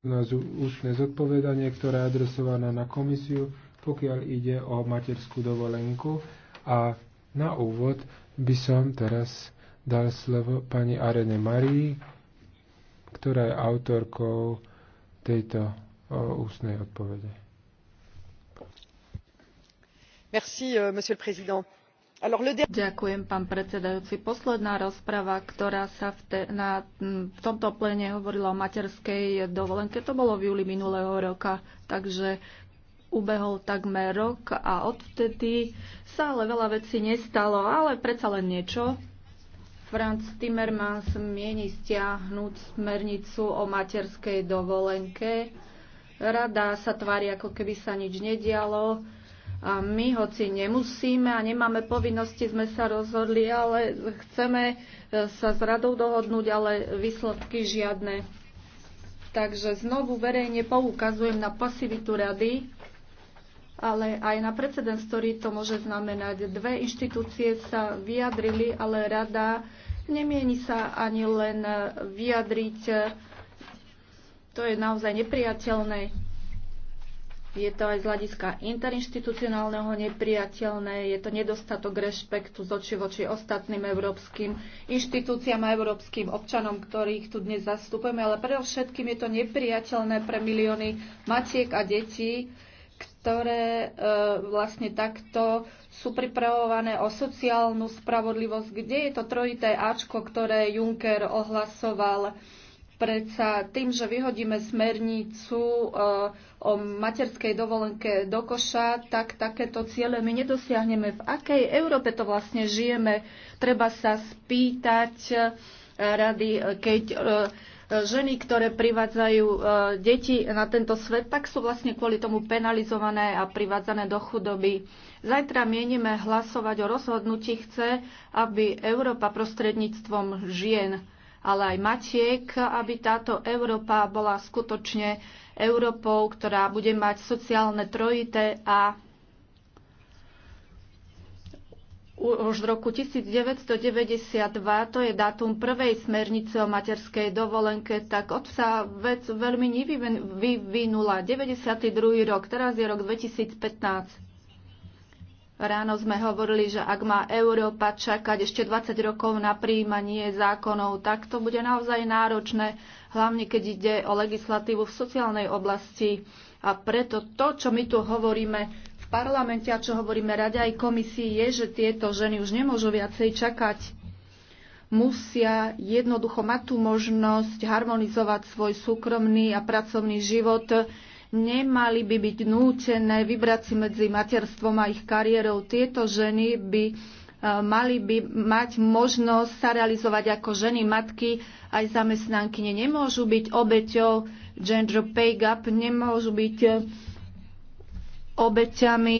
na ústne zodpovedanie, ktorá je adresovaná na komisiu, pokiaľ ide o materskú dovolenku. A na úvod by som teraz dal slovo pani Arene Marii, ktorá je autorkou tejto ústnej odpovede. Merci, euh, monsieur le président Ďakujem, pán predsedajúci. Posledná rozprava, ktorá sa v, te, na, v tomto plene hovorila o materskej dovolenke, to bolo v júli minulého roka, takže ubehol takmer rok a odvtedy sa ale veľa vecí nestalo, ale predsa len niečo. Franz Timmermans mieni stiahnuť smernicu o materskej dovolenke. Rada sa tvári, ako keby sa nič nedialo a my, hoci nemusíme a nemáme povinnosti, sme sa rozhodli, ale chceme e, sa s radou dohodnúť, ale výsledky žiadne. Takže znovu verejne poukazujem na pasivitu rady, ale aj na precedens, ktorý to môže znamenať. Dve inštitúcie sa vyjadrili, ale rada nemieni sa ani len vyjadriť. To je naozaj nepriateľné. Je to aj z hľadiska interinstitucionálneho nepriateľné, je to nedostatok rešpektu z oči voči ostatným európskym inštitúciám a európskym občanom, ktorých tu dnes zastupujeme, ale predovšetkým je to nepriateľné pre milióny matiek a detí, ktoré e, vlastne takto sú pripravované o sociálnu spravodlivosť, kde je to trojité Ačko, ktoré Juncker ohlasoval Predsa tým, že vyhodíme smernicu eh, o materskej dovolenke do koša, tak takéto ciele my nedosiahneme. V akej Európe to vlastne žijeme? Treba sa spýtať eh, rady, eh, keď ženy, ktoré privádzajú deti na tento svet, tak sú vlastne kvôli tomu penalizované a privádzané do chudoby. Zajtra mienime hlasovať o rozhodnutí chce, aby Európa prostredníctvom žien ale aj Matiek, aby táto Európa bola skutočne Európou, ktorá bude mať sociálne trojité a už v roku 1992, to je dátum prvej smernice o materskej dovolenke, tak od sa vec veľmi nevyvinula. 92. rok, teraz je rok 2015. Ráno sme hovorili, že ak má Európa čakať ešte 20 rokov na príjmanie zákonov, tak to bude naozaj náročné, hlavne keď ide o legislatívu v sociálnej oblasti. A preto to, čo my tu hovoríme v parlamente a čo hovoríme rade aj komisii, je, že tieto ženy už nemôžu viacej čakať. Musia jednoducho mať tú možnosť harmonizovať svoj súkromný a pracovný život, nemali by byť nútené vybrať si medzi materstvom a ich kariérou. Tieto ženy by e, mali by mať možnosť sa realizovať ako ženy, matky, aj zamestnanky, Nemôžu byť obeťou gender pay gap, nemôžu byť e, obeťami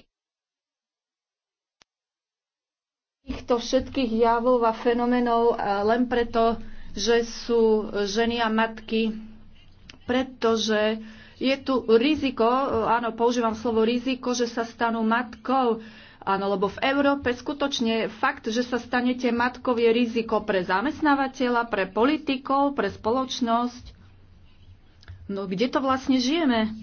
týchto všetkých javov a fenomenov e, len preto, že sú ženy a matky, pretože je tu riziko, áno, používam slovo riziko, že sa stanú matkou. Áno, lebo v Európe skutočne fakt, že sa stanete matkou, je riziko pre zamestnávateľa, pre politikov, pre spoločnosť. No kde to vlastne žijeme?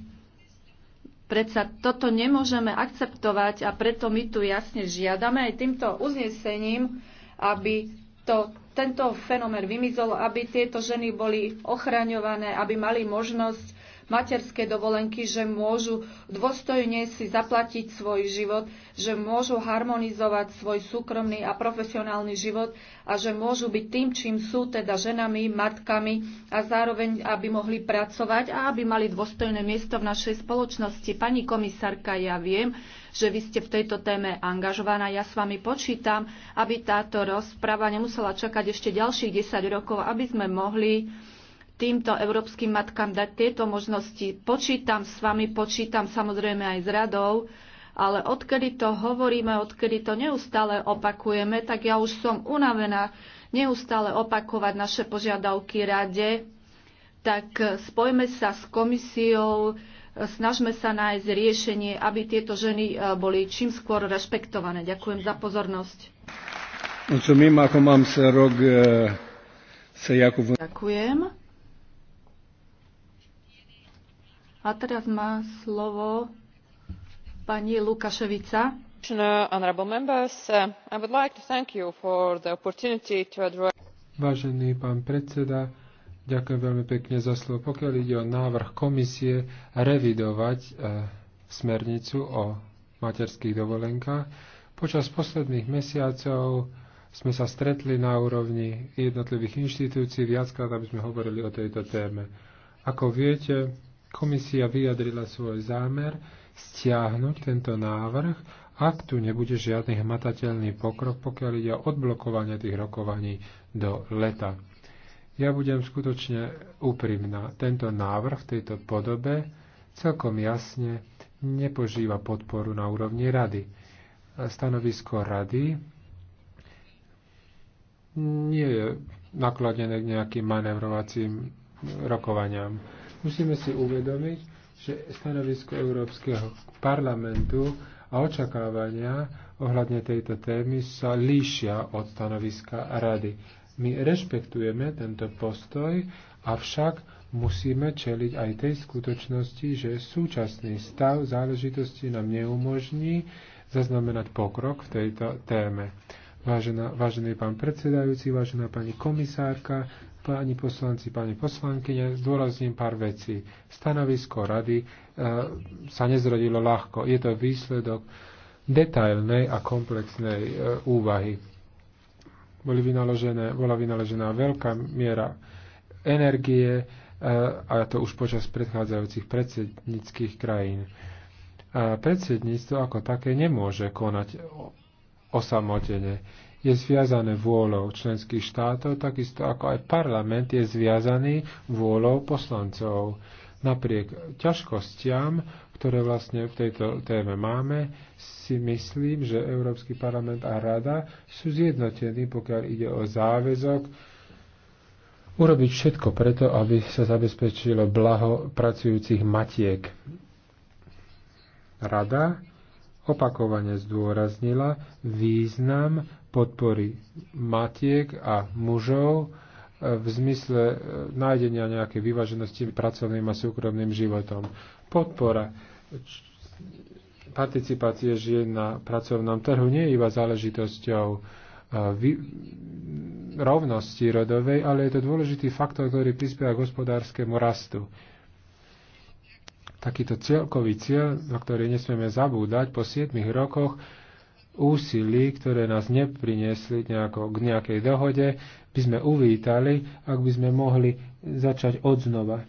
Predsa toto nemôžeme akceptovať a preto my tu jasne žiadame aj týmto uznesením, aby to, tento fenomén vymizol, aby tieto ženy boli ochraňované, aby mali možnosť Materské dovolenky, že môžu dôstojne si zaplatiť svoj život, že môžu harmonizovať svoj súkromný a profesionálny život a že môžu byť tým, čím sú, teda ženami, matkami a zároveň, aby mohli pracovať a aby mali dôstojné miesto v našej spoločnosti. Pani komisárka, ja viem, že vy ste v tejto téme angažovaná. Ja s vami počítam, aby táto rozprava nemusela čakať ešte ďalších 10 rokov, aby sme mohli týmto európskym matkám dať tieto možnosti. Počítam s vami, počítam samozrejme aj s radou, ale odkedy to hovoríme, odkedy to neustále opakujeme, tak ja už som unavená neustále opakovať naše požiadavky rade, tak spojme sa s komisiou, snažme sa nájsť riešenie, aby tieto ženy e, boli čím skôr rešpektované. Ďakujem za pozornosť. Ďakujem. A teraz má slovo pani Lukaševica. Vážený pán predseda, ďakujem veľmi pekne za slovo. Pokiaľ ide o návrh komisie revidovať e, smernicu o materských dovolenkách, počas posledných mesiacov sme sa stretli na úrovni jednotlivých inštitúcií viackrát, aby sme hovorili o tejto téme. Ako viete, Komisia vyjadrila svoj zámer stiahnuť tento návrh, ak tu nebude žiadny hmatateľný pokrok, pokiaľ ide o odblokovanie tých rokovaní do leta. Ja budem skutočne úprimná. Tento návrh v tejto podobe celkom jasne nepožíva podporu na úrovni rady. Stanovisko rady nie je nakladené k nejakým manevrovacím rokovaniam. Musíme si uvedomiť, že stanovisko Európskeho parlamentu a očakávania ohľadne tejto témy sa líšia od stanoviska Rady. My rešpektujeme tento postoj, avšak musíme čeliť aj tej skutočnosti, že súčasný stav záležitosti nám neumožní zaznamenať pokrok v tejto téme. Vážená, vážený pán predsedajúci, vážená pani komisárka, Páni poslanci, páni poslankyne, zdôrazním pár vecí. Stanovisko rady e, sa nezrodilo ľahko. Je to výsledok detailnej a komplexnej e, úvahy. Boli vynaložené, bola vynaložená veľká miera energie e, a to už počas predchádzajúcich predsedníckých krajín. A e, predsedníctvo ako také nemôže konať osamotene je zviazané vôľou členských štátov, takisto ako aj parlament je zviazaný vôľou poslancov. Napriek ťažkostiam, ktoré vlastne v tejto téme máme, si myslím, že Európsky parlament a Rada sú zjednotení, pokiaľ ide o záväzok urobiť všetko preto, aby sa zabezpečilo blaho pracujúcich matiek. Rada opakovane zdôraznila význam podpory matiek a mužov e, v zmysle e, nájdenia nejakej vyváženosti pracovným a súkromným životom. Podpora participácie žien na pracovnom trhu nie je iba záležitosťou e, rovnosti rodovej, ale je to dôležitý faktor, ktorý prispieva k hospodárskému rastu. Takýto celkový cieľ, na ktorý nesmieme zabúdať, po 7 rokoch úsilí, ktoré nás nepriniesli nejako, k nejakej dohode, by sme uvítali, ak by sme mohli začať odznova.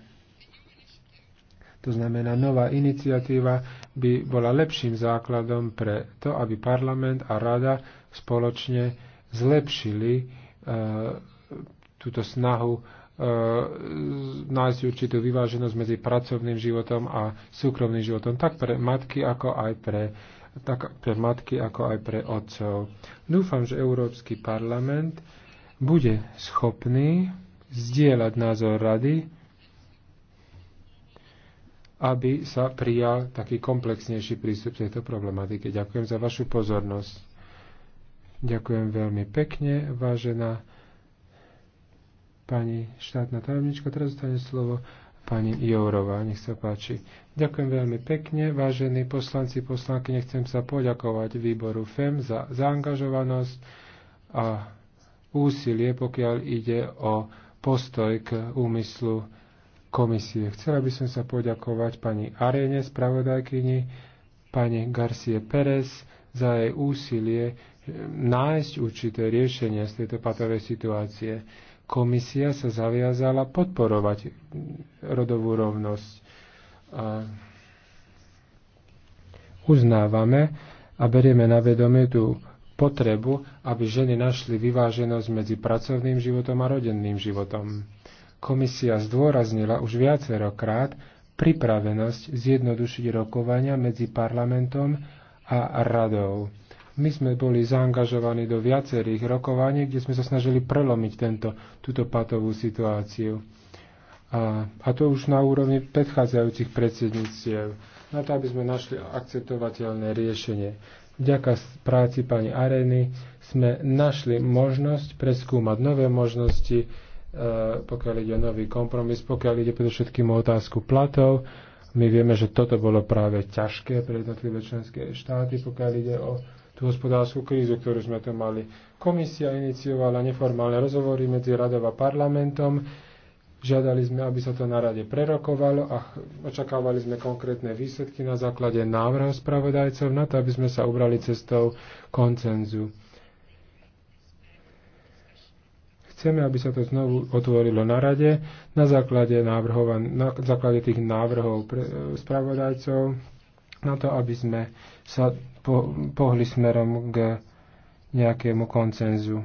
To znamená, nová iniciatíva by bola lepším základom pre to, aby parlament a rada spoločne zlepšili e, túto snahu e, nájsť určitú vyváženosť medzi pracovným životom a súkromným životom, tak pre matky, ako aj pre e, tak pre matky, ako aj pre otcov. Dúfam, že Európsky parlament bude schopný zdieľať názor rady, aby sa prijal taký komplexnejší prístup tejto problematike. Ďakujem za vašu pozornosť. Ďakujem veľmi pekne, vážená pani štátna tajomnička. Teraz dostane slovo pani Jourová. Nech sa páči. Ďakujem veľmi pekne, vážení poslanci, poslanky. Nechcem sa poďakovať výboru FEM za zaangažovanosť a úsilie, pokiaľ ide o postoj k úmyslu komisie. Chcela by som sa poďakovať pani Arene, spravodajkyni, pani Garcie Perez za jej úsilie eh, nájsť určité riešenia z tejto patovej situácie komisia sa zaviazala podporovať rodovú rovnosť. A uznávame a berieme na vedomie tú potrebu, aby ženy našli vyváženosť medzi pracovným životom a rodenným životom. Komisia zdôraznila už viacerokrát pripravenosť zjednodušiť rokovania medzi parlamentom a radou. My sme boli zaangažovaní do viacerých rokovaní, kde sme sa snažili prelomiť tento, túto patovú situáciu. A, a to už na úrovni predchádzajúcich predsedníctiev, na to, aby sme našli akceptovateľné riešenie. Vďaka práci pani Areny sme našli možnosť preskúmať nové možnosti, e, pokiaľ ide o nový kompromis, pokiaľ ide predovšetkým o otázku platov. My vieme, že toto bolo práve ťažké pre jednotlivé členské štáty, pokiaľ ide o tú hospodárskú krízu, ktorú sme tu mali. Komisia iniciovala neformálne rozhovory medzi radou a parlamentom. Žiadali sme, aby sa to na rade prerokovalo a očakávali sme konkrétne výsledky na základe návrhu spravodajcov na to, aby sme sa ubrali cestou koncenzu. chceme, aby sa to znovu otvorilo na rade na základe, návrhov, na základe tých návrhov pre, spravodajcov na to, aby sme sa po, pohli smerom k nejakému koncenzu.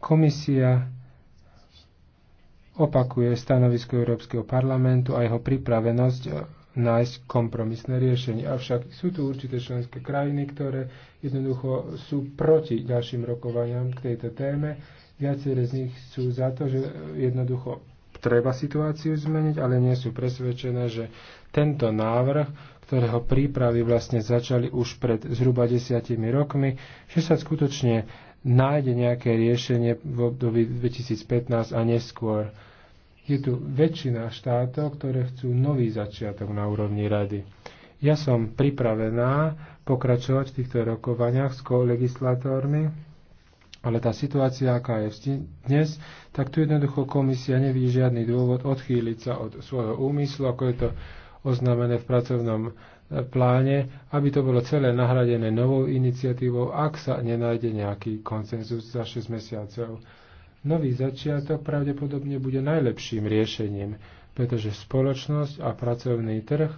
Komisia opakuje stanovisko Európskeho parlamentu a jeho pripravenosť nájsť kompromisné riešenie. Avšak sú tu určité členské krajiny, ktoré jednoducho sú proti ďalším rokovaniam k tejto téme. Viaceré z nich sú za to, že jednoducho treba situáciu zmeniť, ale nie sú presvedčené, že tento návrh, ktorého prípravy vlastne začali už pred zhruba desiatimi rokmi, že sa skutočne nájde nejaké riešenie v období 2015 a neskôr. Je tu väčšina štátov, ktoré chcú nový začiatok na úrovni rady. Ja som pripravená pokračovať v týchto rokovaniach s kolegislátormi, ale tá situácia, aká je dnes, tak tu jednoducho komisia nevidí žiadny dôvod odchýliť sa od svojho úmyslu, ako je to oznámené v pracovnom e, pláne, aby to bolo celé nahradené novou iniciatívou, ak sa nenájde nejaký koncenzus za 6 mesiacov. Nový začiatok pravdepodobne bude najlepším riešením, pretože spoločnosť a pracovný trh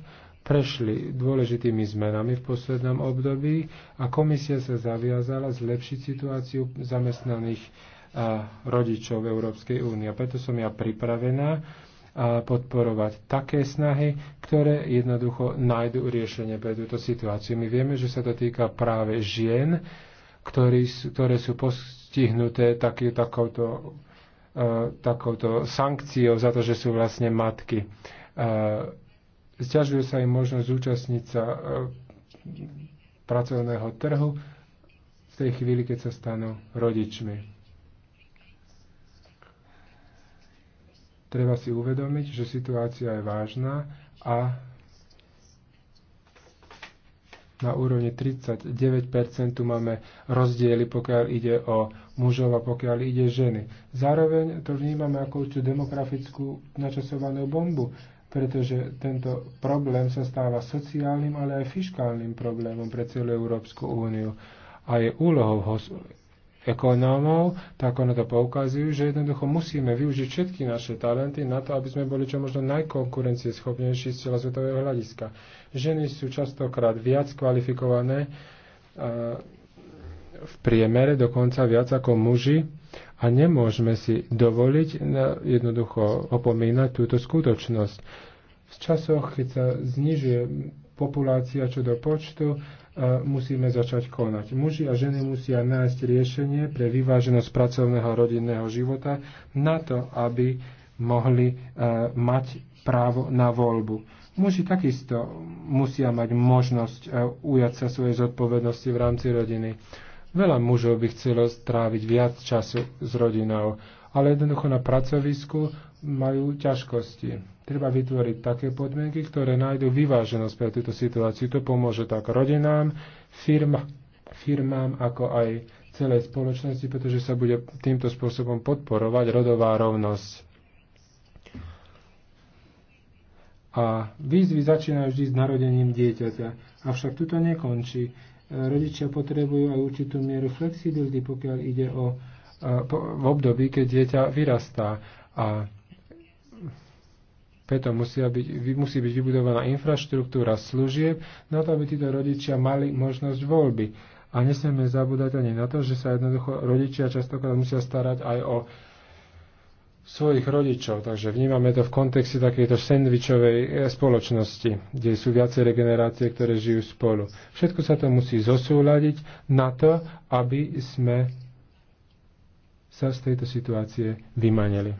prešli dôležitými zmenami v poslednom období a komisia sa zaviazala zlepšiť situáciu zamestnaných rodičov Európskej únie. Preto som ja pripravená a podporovať také snahy, ktoré jednoducho nájdu riešenie pre túto situáciu. My vieme, že sa to týka práve žien, ktorý, ktoré sú postihnuté taký, takouto, uh, takouto sankciou za to, že sú vlastne matky. Uh, Zťažuje sa im možnosť zúčastniť sa e, pracovného trhu v tej chvíli, keď sa stanú rodičmi. Treba si uvedomiť, že situácia je vážna a na úrovni 39% tu máme rozdiely, pokiaľ ide o mužov a pokiaľ ide ženy. Zároveň to vnímame ako určitú demografickú načasovanú bombu, pretože tento problém sa stáva sociálnym, ale aj fiskálnym problémom pre celú Európsku úniu. A je úlohou ekonómov, tak ono to poukazujú, že jednoducho musíme využiť všetky naše talenty na to, aby sme boli čo možno najkonkurencieschopnejší z celosvetového hľadiska. Ženy sú častokrát viac kvalifikované eh, v priemere, dokonca viac ako muži a nemôžeme si dovoliť e, jednoducho opomínať túto skutočnosť. V časoch, keď sa znižuje populácia čo do počtu, e, musíme začať konať. Muži a ženy musia nájsť riešenie pre vyváženosť pracovného a rodinného života na to, aby mohli e, mať právo na voľbu. Muži takisto musia mať možnosť ujať sa svojej zodpovednosti v rámci rodiny. Veľa mužov by chcelo stráviť viac času s rodinou, ale jednoducho na pracovisku majú ťažkosti. Treba vytvoriť také podmienky, ktoré nájdú vyváženosť pre túto situáciu. To pomôže tak rodinám, firma, firmám, ako aj celej spoločnosti, pretože sa bude týmto spôsobom podporovať rodová rovnosť. A výzvy začínajú vždy s narodením dieťaťa, avšak tuto nekončí. Rodičia potrebujú aj určitú mieru flexibility, pokiaľ ide o v období, keď dieťa vyrastá. A preto musia byť, musí byť vybudovaná infraštruktúra služieb na to, aby títo rodičia mali možnosť voľby. A nesmieme zabúdať ani na to, že sa jednoducho rodičia častokrát musia starať aj o svojich rodičov. Takže vnímame to v kontexte takejto sendvičovej e, spoločnosti, kde sú viaceré generácie, ktoré žijú spolu. Všetko sa to musí zosúľadiť na to, aby sme sa z tejto situácie vymanili.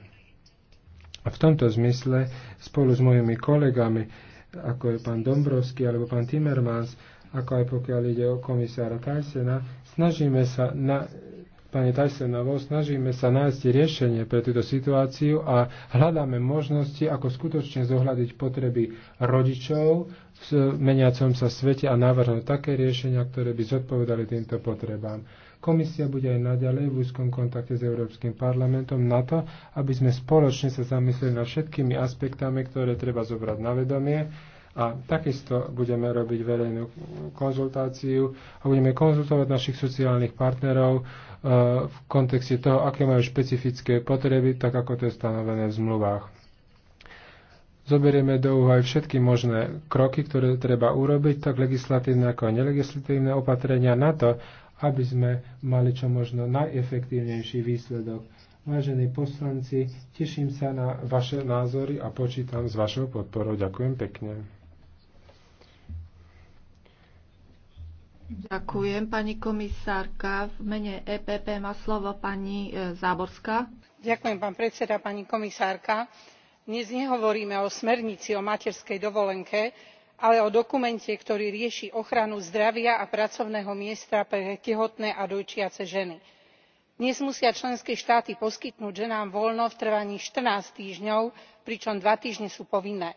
A v tomto zmysle spolu s mojimi kolegami, ako je pán Dombrovský alebo pán Timmermans, ako aj pokiaľ ide o komisára Kajsena, snažíme sa na, pani Tajsenovou, snažíme sa nájsť riešenie pre túto situáciu a hľadáme možnosti, ako skutočne zohľadiť potreby rodičov v meniacom sa svete a navrhnúť také riešenia, ktoré by zodpovedali týmto potrebám. Komisia bude aj naďalej v úzkom kontakte s Európskym parlamentom na to, aby sme spoločne sa zamysleli nad všetkými aspektami, ktoré treba zobrať na vedomie a takisto budeme robiť verejnú konzultáciu a budeme konzultovať našich sociálnych partnerov e, v kontexte toho, aké majú špecifické potreby, tak ako to je stanovené v zmluvách. Zoberieme do úvahy všetky možné kroky, ktoré treba urobiť, tak legislatívne ako nelegislatívne opatrenia na to, aby sme mali čo možno najefektívnejší výsledok. Vážení poslanci, teším sa na vaše názory a počítam s vašou podporou. Ďakujem pekne. Ďakujem, pani komisárka. V mene EPP má slovo pani e, Záborská. Ďakujem, pán predseda, pani komisárka. Dnes nehovoríme o smernici o materskej dovolenke, ale o dokumente, ktorý rieši ochranu zdravia a pracovného miesta pre tehotné a dojčiace ženy. Dnes musia členské štáty poskytnúť ženám voľno v trvaní fourteen týždňov pričom dva týždne sú povinné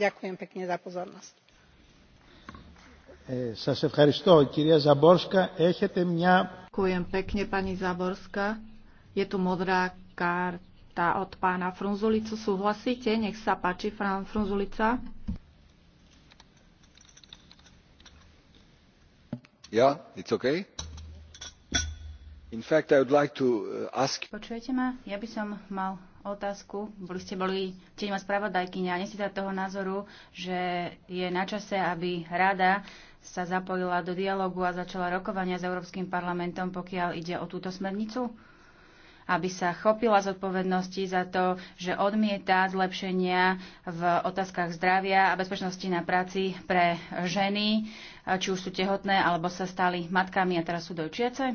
ďakujem pekne za pozornosť. Ďakujem pekne, pani Záborská. Je tu modrá karta od pána Frunzulicu. Súhlasíte? Nech sa páči, pán Frunzulica. Yeah, it's okay. In fact, I would like to uh, ask... Počujete ma? Ja by som mal otázku. Boli ste boli tieňma spravodajkyňa. Nie ste toho názoru, že je na čase, aby rada sa zapojila do dialogu a začala rokovania s Európskym parlamentom, pokiaľ ide o túto smernicu? aby sa chopila zodpovednosti za to, že odmieta zlepšenia v otázkach zdravia a bezpečnosti na práci pre ženy, či už sú tehotné alebo sa stali matkami a teraz sú dojčiace?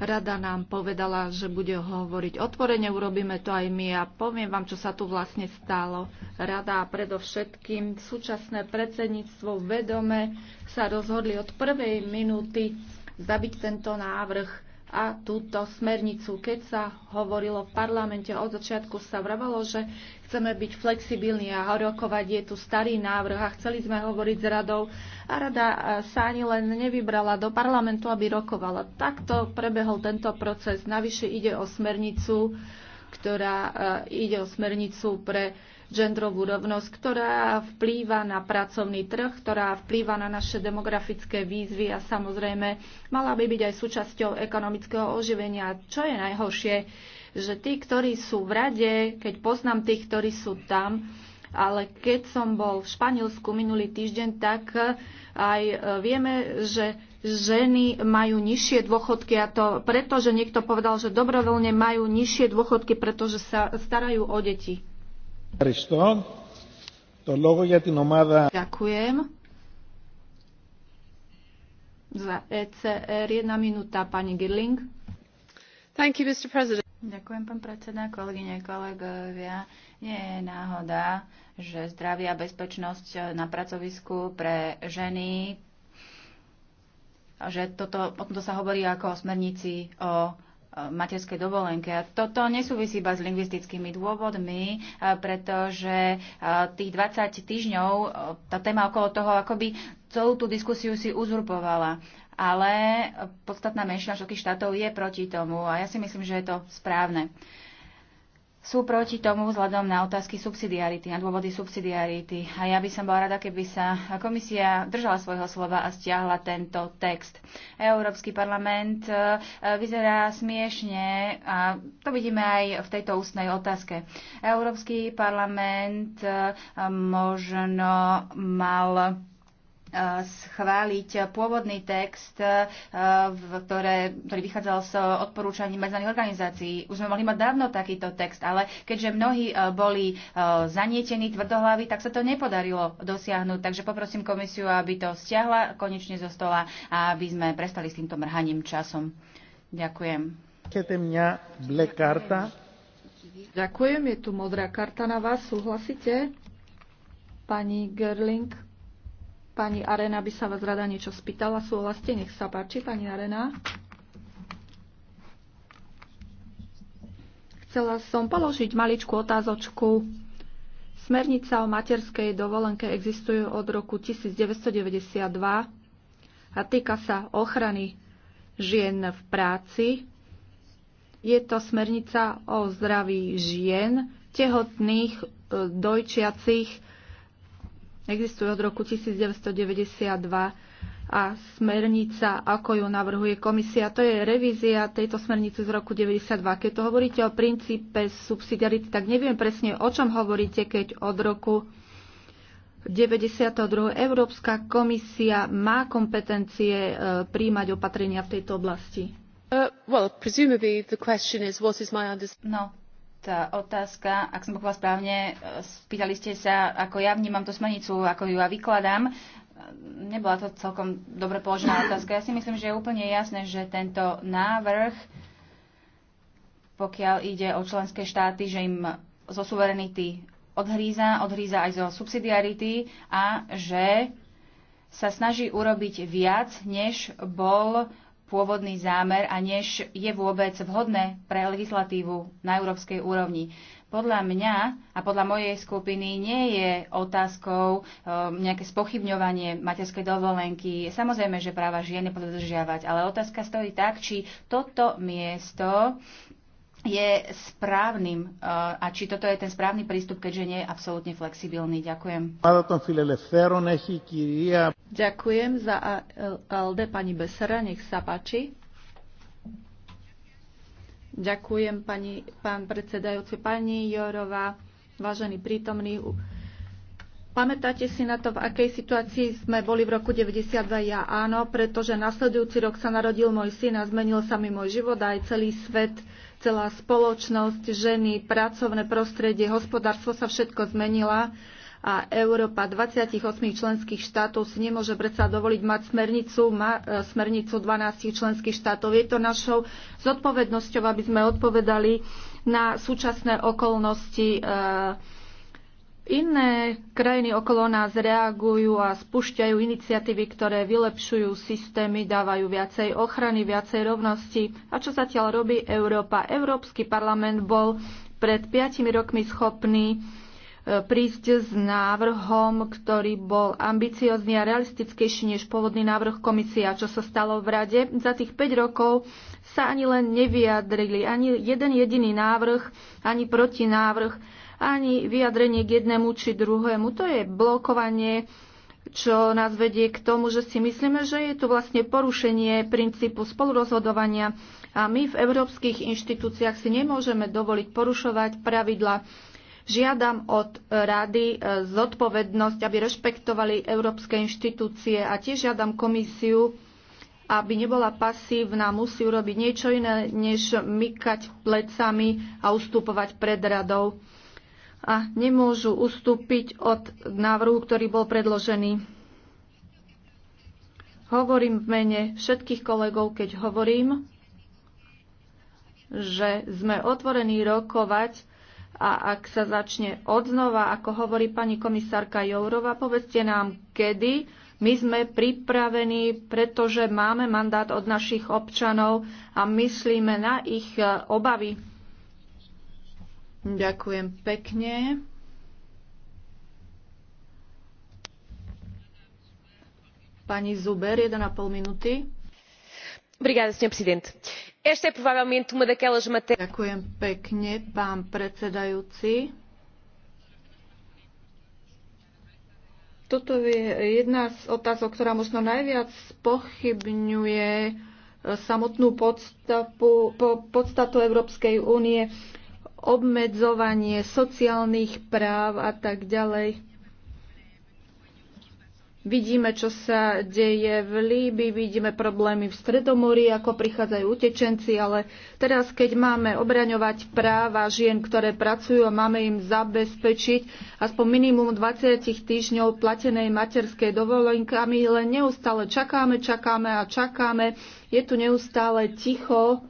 Rada nám povedala, že bude hovoriť otvorene, urobíme to aj my a poviem vám, čo sa tu vlastne stalo. Rada a predovšetkým súčasné predsedníctvo vedome sa rozhodli od prvej minúty zabiť tento návrh a túto smernicu. Keď sa hovorilo v parlamente od začiatku, sa vravalo, že chceme byť flexibilní a rokovať je tu starý návrh a chceli sme hovoriť s radou a rada e, sa ani len nevybrala do parlamentu, aby rokovala. Takto prebehol tento proces. Navyše ide o smernicu, ktorá e, ide o smernicu pre genderovú rovnosť, ktorá vplýva na pracovný trh, ktorá vplýva na naše demografické výzvy a samozrejme mala by byť aj súčasťou ekonomického oživenia. Čo je najhoršie, že tí, ktorí sú v rade, keď poznám tých, ktorí sú tam, ale keď som bol v Španielsku minulý týždeň, tak eh, aj eh, vieme, že ženy majú nižšie dôchodky a to preto, že niekto povedal, že dobrovoľne majú nižšie dôchodky, pretože sa starajú o deti. Ďakujem. Za ECR jedna minúta, pani Girling. Thank you, Mr. President. Ďakujem, pán predseda, kolegyne, kolegovia. Nie je náhoda, že zdravie a bezpečnosť na pracovisku pre ženy, že toto, o tomto sa hovorí ako o smernici o materskej dovolenke. A toto nesúvisí iba s lingvistickými dôvodmi, pretože tých 20 týždňov, tá téma okolo toho akoby celú tú diskusiu si uzurpovala. Ale podstatná menšina všetkých štátov je proti tomu a ja si myslím, že je to správne sú proti tomu vzhľadom na otázky subsidiarity, na dôvody subsidiarity. A ja by som bola rada, keby sa komisia držala svojho slova a stiahla tento text. Európsky parlament e, e, vyzerá smiešne a to vidíme aj v tejto ústnej otázke. Európsky parlament e, možno mal schváliť pôvodný text, eh, ktoré, ktorý vychádzal z odporúčaní medzinárodných organizácií. Už sme mohli mať dávno takýto text, ale keďže mnohí eh, boli eh, zanietení tvrdohlaví, tak sa to nepodarilo dosiahnuť. Takže poprosím komisiu, aby to stiahla konečne zo stola a aby sme prestali s týmto mrhaním časom. Ďakujem. Ďakujem, je tu modrá karta na vás. Súhlasíte? Pani Gerling. Pani Arena by sa vás rada niečo spýtala. Súhlasíte? Nech sa páči, pani Arena. Chcela som položiť maličkú otázočku. Smernica o materskej dovolenke existuje od roku 1992 a týka sa ochrany žien v práci. Je to smernica o zdraví žien, tehotných, e, dojčiacich existuje od roku 1992 a smernica, ako ju navrhuje komisia. To je revízia tejto smernice z roku 1992. Keď to hovoríte o princípe subsidiarity, tak neviem presne, o čom hovoríte, keď od roku 92. Európska komisia má kompetencie e, príjmať opatrenia v tejto oblasti. Uh, no, tá otázka, ak som pochopila správne, e, spýtali ste sa, ako ja vnímam tú smernicu, ako ju ja vykladám. E, nebola to celkom dobre položená otázka. Ja si myslím, že je úplne jasné, že tento návrh, pokiaľ ide o členské štáty, že im zo suverenity odhríza, odhríza aj zo subsidiarity a že sa snaží urobiť viac, než bol pôvodný zámer a než je vôbec vhodné pre legislatívu na európskej úrovni. Podľa mňa a podľa mojej skupiny nie je otázkou um, nejaké spochybňovanie materskej dovolenky. Samozrejme, že práva žien je ale otázka stojí tak, či toto miesto je správnym eh, a či toto je ten správny prístup, keďže nie je absolútne flexibilný. Ďakujem. Ďakujem za ALD pani Besera, nech sa páči. Ďakujem, pani, pán predsedajúci, pani Jorová, vážení prítomní. Pamätáte si na to, v akej situácii sme boli v roku 92? Ja áno, pretože nasledujúci rok sa narodil môj syn a zmenil sa mi môj život a aj celý svet celá spoločnosť, ženy, pracovné prostredie, hospodárstvo sa všetko zmenila a Európa 28 členských štátov si nemôže predsa dovoliť mať smernicu, ma, e, smernicu 12 členských štátov. Je to našou zodpovednosťou, aby sme odpovedali na súčasné okolnosti e, Iné krajiny okolo nás reagujú a spúšťajú iniciatívy, ktoré vylepšujú systémy, dávajú viacej ochrany, viacej rovnosti. A čo zatiaľ robí Európa? Európsky parlament bol pred piatimi rokmi schopný e, prísť s návrhom, ktorý bol ambiciozný a realistickejší než pôvodný návrh komisie. A čo sa stalo v rade? Za tých 5 rokov sa ani len nevyjadrili ani jeden jediný návrh, ani protinávrh ani vyjadrenie k jednému či druhému. To je blokovanie, čo nás vedie k tomu, že si myslíme, že je tu vlastne porušenie princípu spolurozhodovania a my v európskych inštitúciách si nemôžeme dovoliť porušovať pravidla. Žiadam od rady e, zodpovednosť, aby rešpektovali európske inštitúcie a tiež žiadam komisiu, aby nebola pasívna, musí urobiť niečo iné, než mykať plecami a ustupovať pred radou a nemôžu ustúpiť od návrhu, ktorý bol predložený. Hovorím v mene všetkých kolegov, keď hovorím, že sme otvorení rokovať a ak sa začne odznova, ako hovorí pani komisárka Jourova, povedzte nám, kedy my sme pripravení, pretože máme mandát od našich občanov a myslíme na ich eh, obavy. Ďakujem pekne. Pani Zuber, 1,5 minúty. Obrigada, senhor presidente. Esta é provavelmente uma daquelas matérias. Ďakujem pekne, pán predsedajúci. Toto je jedna z otázok, ktorá možno najviac spochybňuje eh, samotnú podstatu, po, podstatu Európskej únie obmedzovanie sociálnych práv a tak ďalej. Vidíme, čo sa deje v Líby, vidíme problémy v Stredomorí, ako prichádzajú utečenci, ale teraz, keď máme obraňovať práva žien, ktoré pracujú a máme im zabezpečiť aspoň minimum 20 týždňov platenej materskej dovolenkami, len neustále čakáme, čakáme a čakáme. Je tu neustále ticho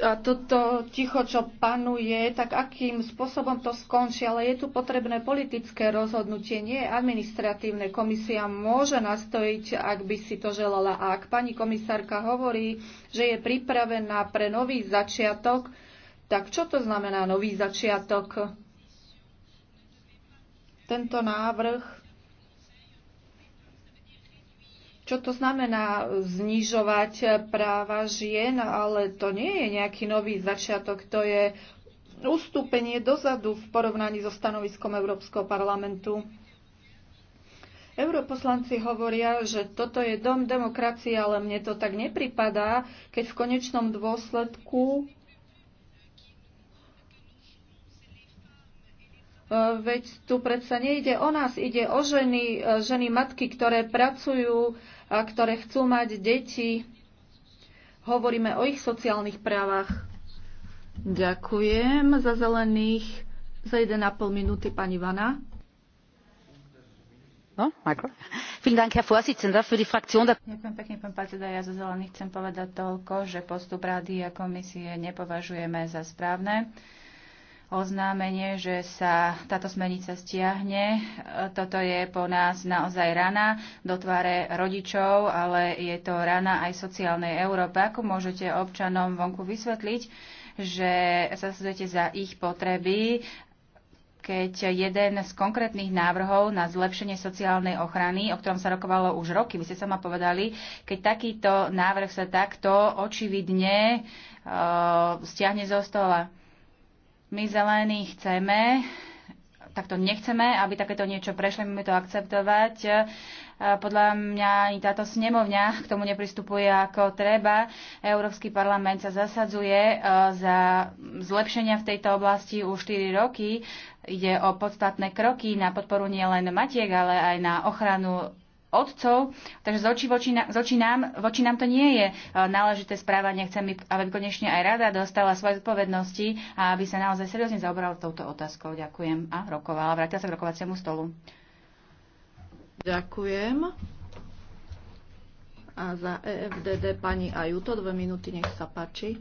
toto ticho, čo panuje, tak akým spôsobom to skončí, ale je tu potrebné politické rozhodnutie, nie administratívne. Komisia môže nastojiť, ak by si to želala. A ak pani komisárka hovorí, že je pripravená pre nový začiatok, tak čo to znamená nový začiatok? Tento návrh čo to znamená znižovať práva žien, ale to nie je nejaký nový začiatok, to je ustúpenie dozadu v porovnaní so stanoviskom Európskeho parlamentu. Europoslanci hovoria, že toto je dom demokracie, ale mne to tak nepripadá, keď v konečnom dôsledku e, Veď tu predsa nejde o nás, ide o ženy, e, ženy matky, ktoré pracujú ktoré chcú mať deti. Hovoríme o ich sociálnych právach. Ďakujem za zelených. Za 1,5 minúty pani Vana. No, Ďakujem pekne, pán predseda. Ja zo zelených chcem povedať toľko, že postup Rady a komisie nepovažujeme za správne oznámenie, že sa táto smernica stiahne. E, toto je po nás naozaj rana do tváre rodičov, ale je to rana aj sociálnej Európy. Ako môžete občanom vonku vysvetliť, že sa sledujete za ich potreby, keď jeden z konkrétnych návrhov na zlepšenie sociálnej ochrany, o ktorom sa rokovalo už roky, vy ste sama povedali, keď takýto návrh sa takto očividne e, stiahne zo stola. My zelení chceme, takto nechceme, aby takéto niečo prešlo, my to akceptovať. E, podľa mňa ani táto snemovňa k tomu nepristupuje ako treba. Európsky parlament sa zasadzuje e, za zlepšenia v tejto oblasti už 4 roky. Ide o podstatné kroky na podporu nielen matiek, ale aj na ochranu otcov, takže z očí voči, na, z očí nám, voči nám to nie je e, náležité správanie. Chcem, aby konečne aj rada dostala svoje zodpovednosti a aby sa naozaj seriózne zaoberala touto otázkou. Ďakujem a rokovala. Vrátila sa k rokovaciemu stolu. Ďakujem. A za EFDD pani Ajuto, dve minúty, nech sa páči.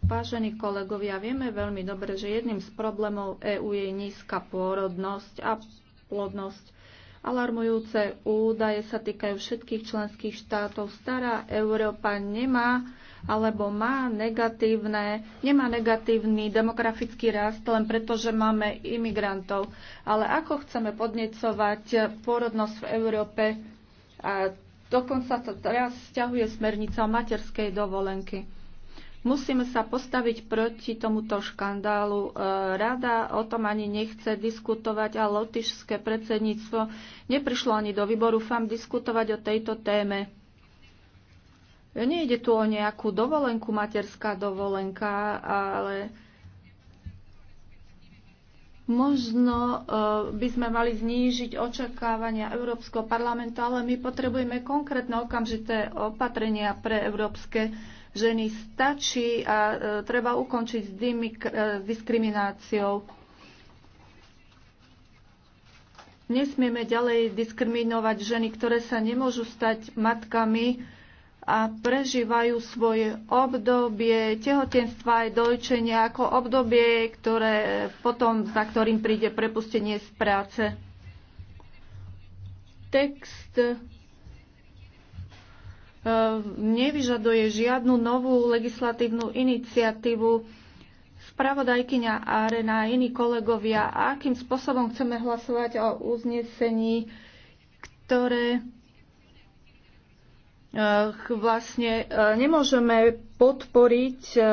Vážení kolegovia, vieme veľmi dobre, že jedným z problémov EÚ je nízka pôrodnosť a plodnosť Alarmujúce údaje sa týkajú všetkých členských štátov. Stará Európa nemá alebo má negatívne, nemá negatívny demografický rast len preto, že máme imigrantov. Ale ako chceme podnecovať pôrodnosť v Európe? A dokonca sa teraz stiahuje smernica o materskej dovolenky. Musíme sa postaviť proti tomuto škandálu. E, Rada o tom ani nechce diskutovať a lotišské predsedníctvo neprišlo ani do výboru FAM diskutovať o tejto téme. Nejde tu o nejakú dovolenku, materská dovolenka, ale možno e, by sme mali znížiť očakávania Európskeho parlamentu, ale my potrebujeme konkrétne okamžité opatrenia pre európske ženy stačí a e, treba ukončiť s e, diskrimináciou. Nesmieme ďalej diskriminovať ženy, ktoré sa nemôžu stať matkami a prežívajú svoje obdobie tehotenstva aj dojčenia ako obdobie, ktoré potom, za ktorým príde prepustenie z práce. Text Ehm, nevyžaduje žiadnu novú legislatívnu iniciatívu. Spravodajkyňa Arena a iní kolegovia, akým spôsobom chceme hlasovať o uznesení, ktoré eh, vlastne eh, nemôžeme podporiť eh,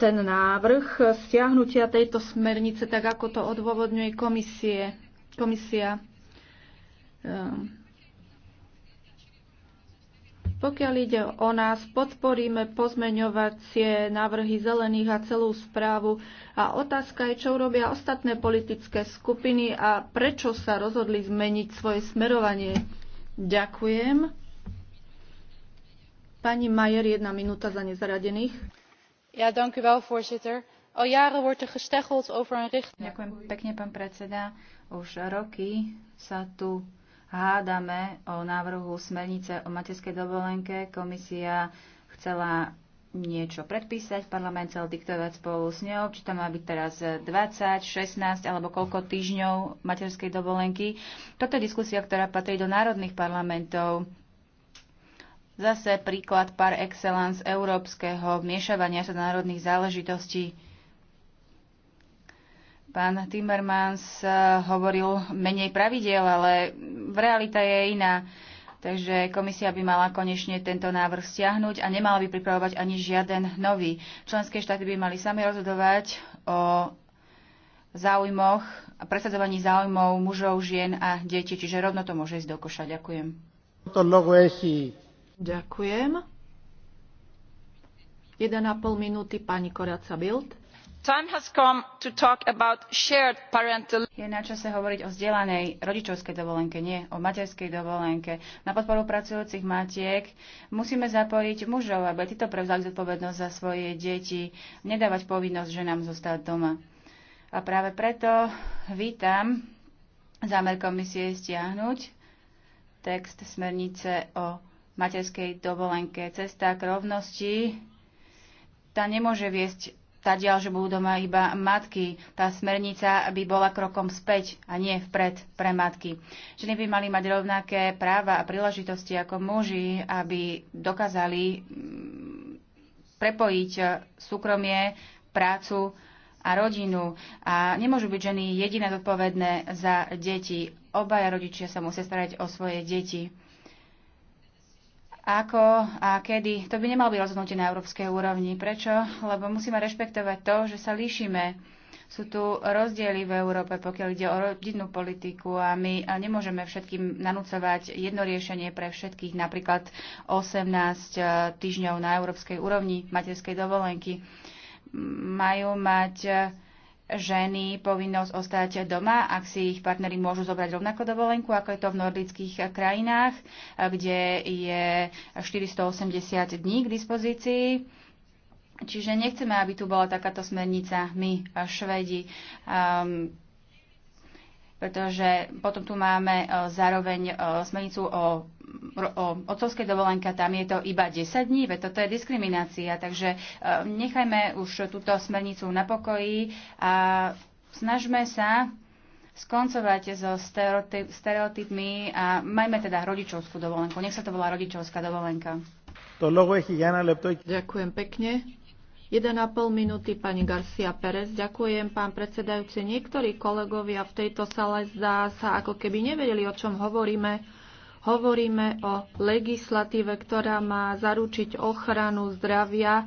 ten návrh stiahnutia tejto smernice, tak ako to odôvodňuje komisie, komisia. Ehm, pokiaľ ide o nás, podporíme pozmeňovacie návrhy zelených a celú správu. A otázka je, čo urobia ostatné politické skupiny a prečo sa rozhodli zmeniť svoje smerovanie. Ďakujem. Pani Majer, jedna minúta za nezaradených. Ja, ďakujem, voorzitter. Al jaren wordt er gesteggeld over een richting. Ďakujem pekne, pán predseda. Už roky sa tu hádame o návrhu smernice o materskej dovolenke. Komisia chcela niečo predpísať, parlament chcel diktovať spolu s ňou, či tam má byť teraz 20, 16 alebo koľko týždňov materskej dovolenky. Toto je diskusia, ktorá patrí do národných parlamentov. Zase príklad par excellence európskeho miešavania sa do národných záležitostí. Pán Timmermans eh, hovoril menej pravidel, ale realita je iná. Takže komisia by mala konečne tento návrh stiahnuť a nemala by pripravovať ani žiaden nový. Členské štáty by mali sami rozhodovať o záujmoch a presadzovaní záujmov mužov, žien a detí, čiže rovno to môže ísť do koša. Ďakujem. Ďakujem. 1,5 minúty pani Koraca Bild. Parental... Je na čase hovoriť o vzdelanej rodičovskej dovolenke, nie o materskej dovolenke. Na podporu pracujúcich matiek musíme zapojiť mužov, aby títo prevzali zodpovednosť za svoje deti, nedávať povinnosť ženám zostať doma. A práve preto vítam zámer komisie stiahnuť text smernice o materskej dovolenke. Cesta k rovnosti tá nemôže viesť tadiaľ, že budú doma iba matky. Tá smernica by bola krokom späť a nie vpred pre matky. Ženy by mali mať rovnaké práva a príležitosti ako muži, aby dokázali mm, prepojiť e, súkromie, prácu a rodinu. A nemôžu byť ženy jediné zodpovedné za deti. Obaja rodičia sa musia starať o svoje deti ako a kedy. To by nemalo byť rozhodnutie na európskej úrovni. Prečo? Lebo musíme rešpektovať to, že sa líšime. Sú tu rozdiely v Európe, pokiaľ ide o rodinnú politiku a my nemôžeme všetkým nanúcovať jedno riešenie pre všetkých, napríklad 18 e, týždňov na európskej úrovni materskej dovolenky. Majú mať e, ženy povinnosť ostať doma, ak si ich partnery môžu zobrať rovnako dovolenku, ako je to v nordických krajinách, kde je 480 dní k dispozícii. Čiže nechceme, aby tu bola takáto smernica my, Švedi. Um, pretože potom tu máme e, zároveň e, smernicu o o otcovskej dovolenke, tam je to iba 10 dní, veď toto je diskriminácia, takže e, nechajme už túto smernicu na pokoji a snažme sa skoncovať so stereotypmi a majme teda rodičovskú dovolenku. Nech sa to volá rodičovská dovolenka. Ďakujem pekne. 1,5 minúty pani Garcia Pérez. Ďakujem, pán predsedajúci. Niektorí kolegovia v tejto sale zdá sa, ako keby nevedeli, o čom hovoríme Hovoríme o legislatíve, ktorá má zaručiť ochranu zdravia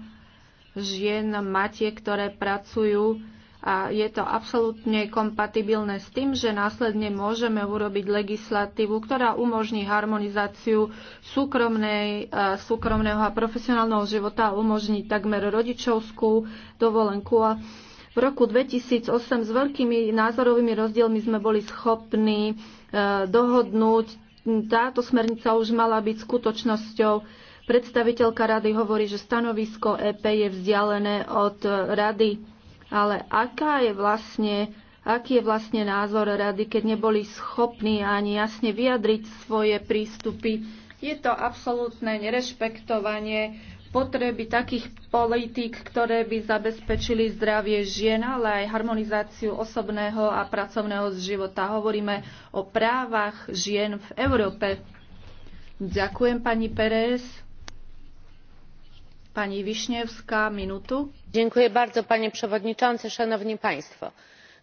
žien, matiek, ktoré pracujú a je to absolútne kompatibilné s tým, že následne môžeme urobiť legislatívu, ktorá umožní harmonizáciu súkromnej, e, súkromného a profesionálneho života a umožní takmer rodičovskú dovolenku. A v roku 2008 s veľkými názorovými rozdielmi sme boli schopní e, dohodnúť táto smernica už mala byť skutočnosťou. Predstaviteľka rady hovorí, že stanovisko EP je vzdialené od rady. Ale aká je vlastne, aký je vlastne názor rady, keď neboli schopní ani jasne vyjadriť svoje prístupy? Je to absolútne nerešpektovanie potreby takých politík, ktoré by zabezpečili zdravie žien, ale aj harmonizáciu osobného a pracovného života. Hovoríme o právach žien v Európe. Ďakujem pani Pérez. Pani Višnevská, minútu. Ďakujem bardzo, pani przewodniczący, szanowni państwo.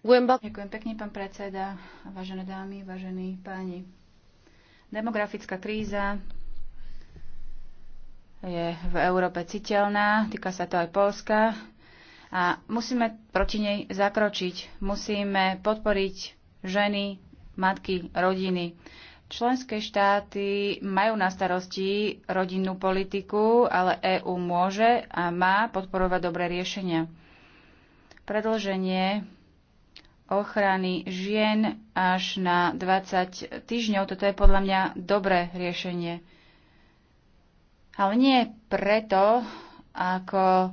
Głębok... Ďakujem pekne, pán predseda, vážené dámy, vážení páni. Demografická kríza, je v Európe citeľná, týka sa to aj Polska a musíme proti nej zakročiť. Musíme podporiť ženy, matky, rodiny. Členské štáty majú na starosti rodinnú politiku, ale EÚ môže a má podporovať dobré riešenia. Predlženie ochrany žien až na 20 týždňov, toto je podľa mňa dobré riešenie ale nie preto, ako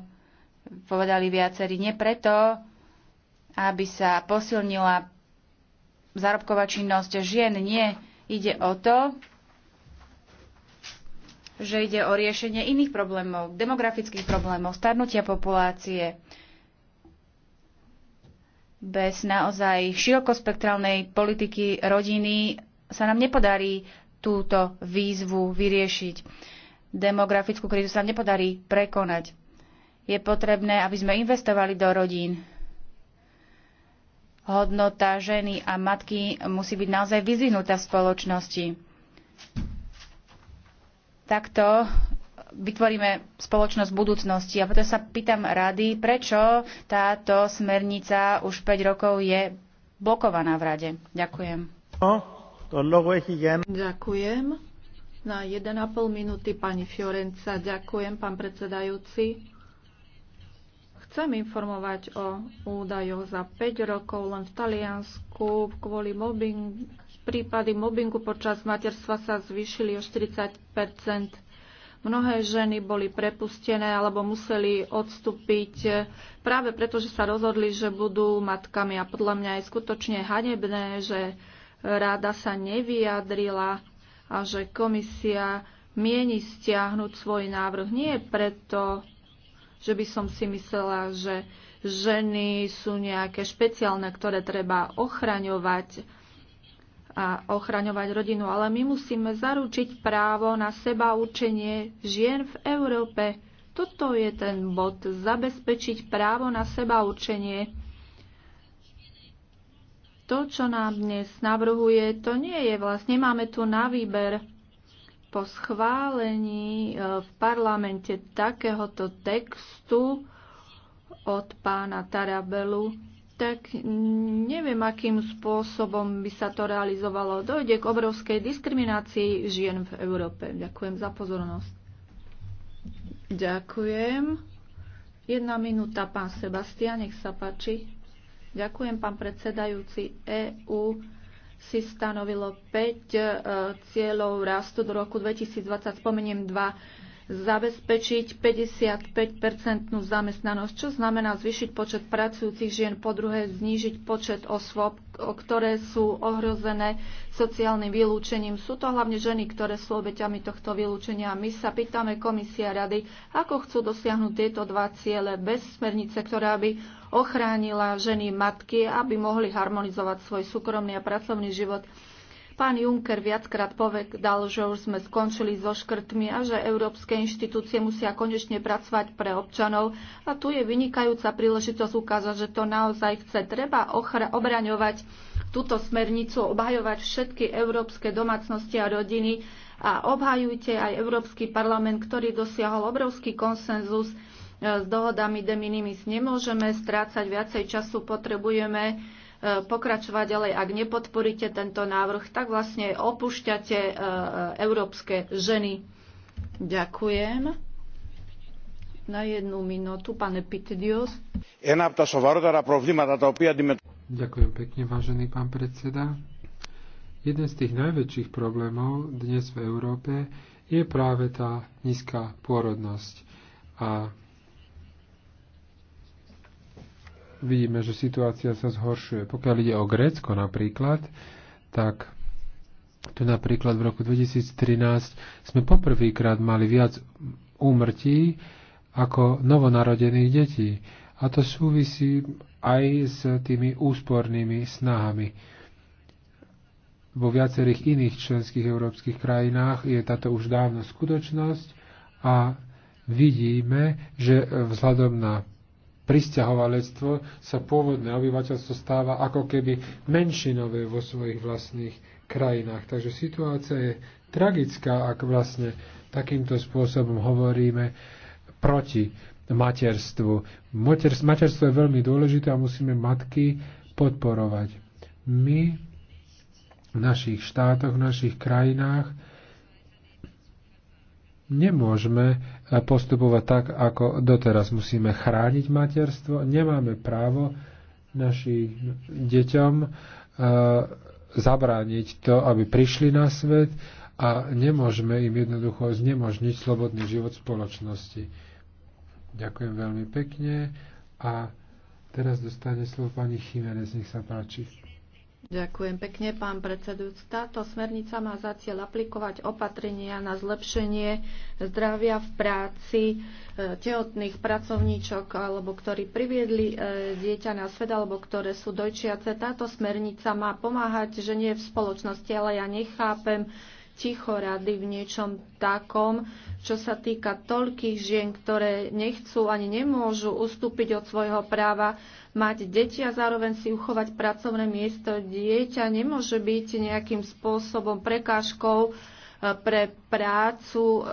povedali viacerí, nie preto, aby sa posilnila zárobková činnosť žien. Nie, ide o to, že ide o riešenie iných problémov, demografických problémov, starnutia populácie, bez naozaj širokospektrálnej politiky rodiny sa nám nepodarí túto výzvu vyriešiť demografickú krízu sa nepodarí prekonať. Je potrebné, aby sme investovali do rodín. Hodnota ženy a matky musí byť naozaj vyzvinutá v spoločnosti. Takto vytvoríme spoločnosť budúcnosti. A preto sa pýtam rady, prečo táto smernica už 5 rokov je blokovaná v rade. Ďakujem. No, Ďakujem na 1,5 minúty pani Fiorenca. Ďakujem, pán predsedajúci. Chcem informovať o údajoch za 5 rokov len v Taliansku kvôli mobbing, prípady mobbingu počas materstva sa zvýšili o 40 Mnohé ženy boli prepustené alebo museli odstúpiť práve preto, že sa rozhodli, že budú matkami. A podľa mňa je skutočne hanebné, že ráda sa nevyjadrila a že komisia mieni stiahnuť svoj návrh. Nie preto, že by som si myslela, že ženy sú nejaké špeciálne, ktoré treba ochraňovať a ochraňovať rodinu, ale my musíme zaručiť právo na seba učenie žien v Európe. Toto je ten bod, zabezpečiť právo na seba učenie to, čo nám dnes navrhuje, to nie je vlastne. Máme tu na výber po schválení e, v parlamente takéhoto textu od pána Tarabelu, tak neviem, akým spôsobom by sa to realizovalo. Dojde k obrovskej diskriminácii žien v Európe. Ďakujem za pozornosť. Ďakujem. Jedna minúta, pán Sebastian, nech sa páči. Ďakujem, pán predsedajúci. EÚ si stanovilo 5 e, cieľov rastu do roku 2020. Spomeniem dva zabezpečiť 55-percentnú zamestnanosť, čo znamená zvyšiť počet pracujúcich žien, po druhé znížiť počet osôb, ktoré sú ohrozené sociálnym vylúčením. Sú to hlavne ženy, ktoré sú obeťami tohto vylúčenia. My sa pýtame komisia rady, ako chcú dosiahnuť tieto dva ciele bez smernice, ktorá by ochránila ženy matky, aby mohli harmonizovať svoj súkromný a pracovný život. Pán Juncker viackrát povedal, že už sme skončili so škrtmi a že európske inštitúcie musia konečne pracovať pre občanov. A tu je vynikajúca príležitosť ukázať, že to naozaj chce. Treba obraňovať túto smernicu, obhajovať všetky európske domácnosti a rodiny a obhajujte aj Európsky parlament, ktorý dosiahol obrovský konsenzus e, s dohodami de minimis. Nemôžeme strácať viacej času, potrebujeme pokračovať ďalej. Ak nepodporíte tento návrh, tak vlastne opúšťate e, e, európske ženy. Ďakujem. Na jednu minútu, pane Pitidios. Ďakujem pekne, vážený pán predseda. Jeden z tých najväčších problémov dnes v Európe je práve tá nízka pôrodnosť. A vidíme, že situácia sa zhoršuje. Pokiaľ ide o Grécko napríklad, tak tu napríklad v roku 2013 sme poprvýkrát mali viac úmrtí ako novonarodených detí. A to súvisí aj s tými úspornými snahami. Vo viacerých iných členských európskych krajinách je táto už dávno skutočnosť a vidíme, že vzhľadom na pristahovalectvo, sa pôvodné obyvateľstvo stáva ako keby menšinové vo svojich vlastných krajinách. Takže situácia je tragická, ak vlastne takýmto spôsobom hovoríme proti materstvu. Materstvo je veľmi dôležité a musíme matky podporovať. My v našich štátoch, v našich krajinách nemôžeme eh, postupovať tak, ako doteraz. Musíme chrániť materstvo, nemáme právo našim deťom eh, zabrániť to, aby prišli na svet a nemôžeme im jednoducho znemožniť slobodný život spoločnosti. Ďakujem veľmi pekne a teraz dostane slovo pani Chimenez, nech sa páči. Ďakujem pekne, pán predsedujúci. Táto smernica má za cieľ aplikovať opatrenia na zlepšenie zdravia v práci e, tehotných pracovníčok, alebo ktorí priviedli e, dieťa na svet, alebo ktoré sú dojčiace. Táto smernica má pomáhať že nie v spoločnosti, ale ja nechápem ticho rady v niečom takom, čo sa týka toľkých žien, ktoré nechcú ani nemôžu ustúpiť od svojho práva mať deti a zároveň si uchovať pracovné miesto. Dieťa nemôže byť nejakým spôsobom prekážkou e, pre prácu e,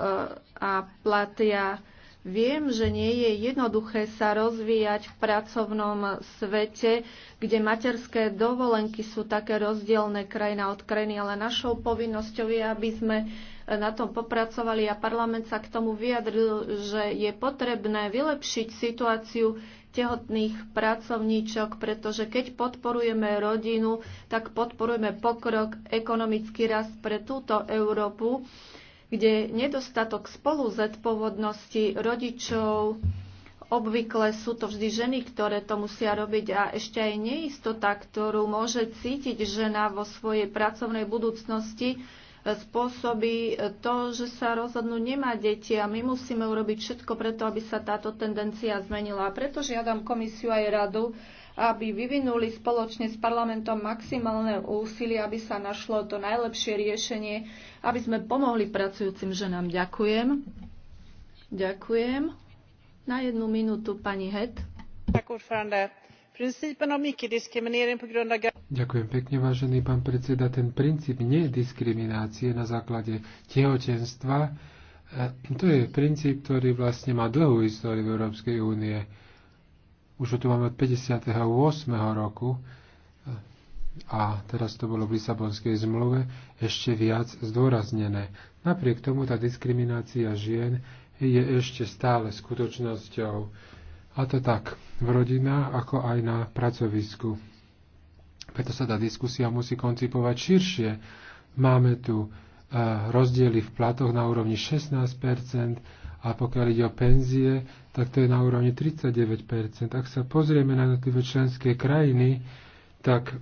a platia. Viem, že nie je jednoduché sa rozvíjať v pracovnom svete, kde materské dovolenky sú také rozdielne krajina od krajiny, ale našou povinnosťou je, aby sme na tom popracovali a parlament sa k tomu vyjadril, že je potrebné vylepšiť situáciu tehotných pracovníčok, pretože keď podporujeme rodinu, tak podporujeme pokrok, ekonomický rast pre túto Európu, kde nedostatok spolu zodpovednosti rodičov, obvykle sú to vždy ženy, ktoré to musia robiť a ešte aj neistota, ktorú môže cítiť žena vo svojej pracovnej budúcnosti, spôsobí to, že sa rozhodnú nemať deti a my musíme urobiť všetko preto, aby sa táto tendencia zmenila. A preto žiadam komisiu aj radu, aby vyvinuli spoločne s parlamentom maximálne úsilie, aby sa našlo to najlepšie riešenie, aby sme pomohli pracujúcim ženám. Ďakujem. Ďakujem. Na jednu minútu pani Het. Tak, Ďakujem pekne, vážený pán predseda. Ten princíp nediskriminácie na základe tehotenstva, eh, to je princíp, ktorý vlastne má dlhú históriu v Európskej únie. Už ho tu máme od 58. roku eh, a teraz to bolo v Lisabonskej zmluve ešte viac zdôraznené. Napriek tomu tá diskriminácia žien je ešte stále skutočnosťou a to tak v rodinách, ako aj na pracovisku. Preto sa tá diskusia musí koncipovať širšie. Máme tu e, rozdiely v platoch na úrovni 16 a pokiaľ ide o penzie, tak to je na úrovni 39 Ak sa pozrieme na jednotlivé členské krajiny, tak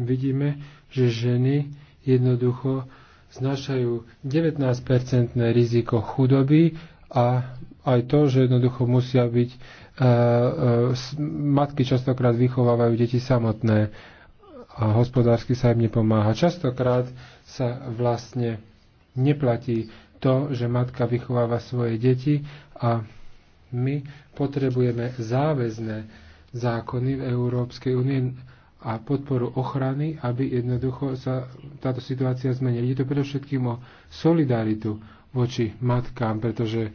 vidíme, že ženy jednoducho znašajú 19-percentné riziko chudoby a aj to, že jednoducho musia byť e, e, matky častokrát vychovávajú deti samotné a hospodársky sa im nepomáha. Častokrát sa vlastne neplatí to, že matka vychováva svoje deti a my potrebujeme záväzné zákony v Európskej únie a podporu ochrany, aby jednoducho sa táto situácia zmenila. Je to predovšetkým o solidaritu voči matkám, pretože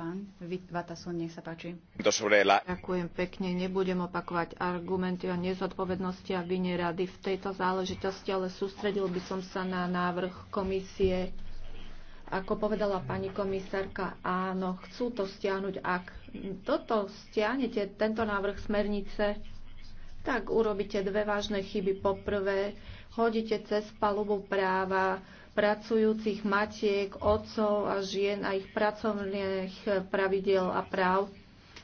Pán Vatason, nech sa páči. Ďakujem pekne. Nebudem opakovať argumenty o nezodpovednosti a vine rady v tejto záležitosti, ale sústredil by som sa na návrh komisie. Ako povedala pani komisárka, áno, chcú to stiahnuť. Ak toto stiahnete, tento návrh smernice, tak urobíte dve vážne chyby. Poprvé, hodíte cez palubu práva pracujúcich matiek, otcov a žien a ich pracovných pravidel a práv.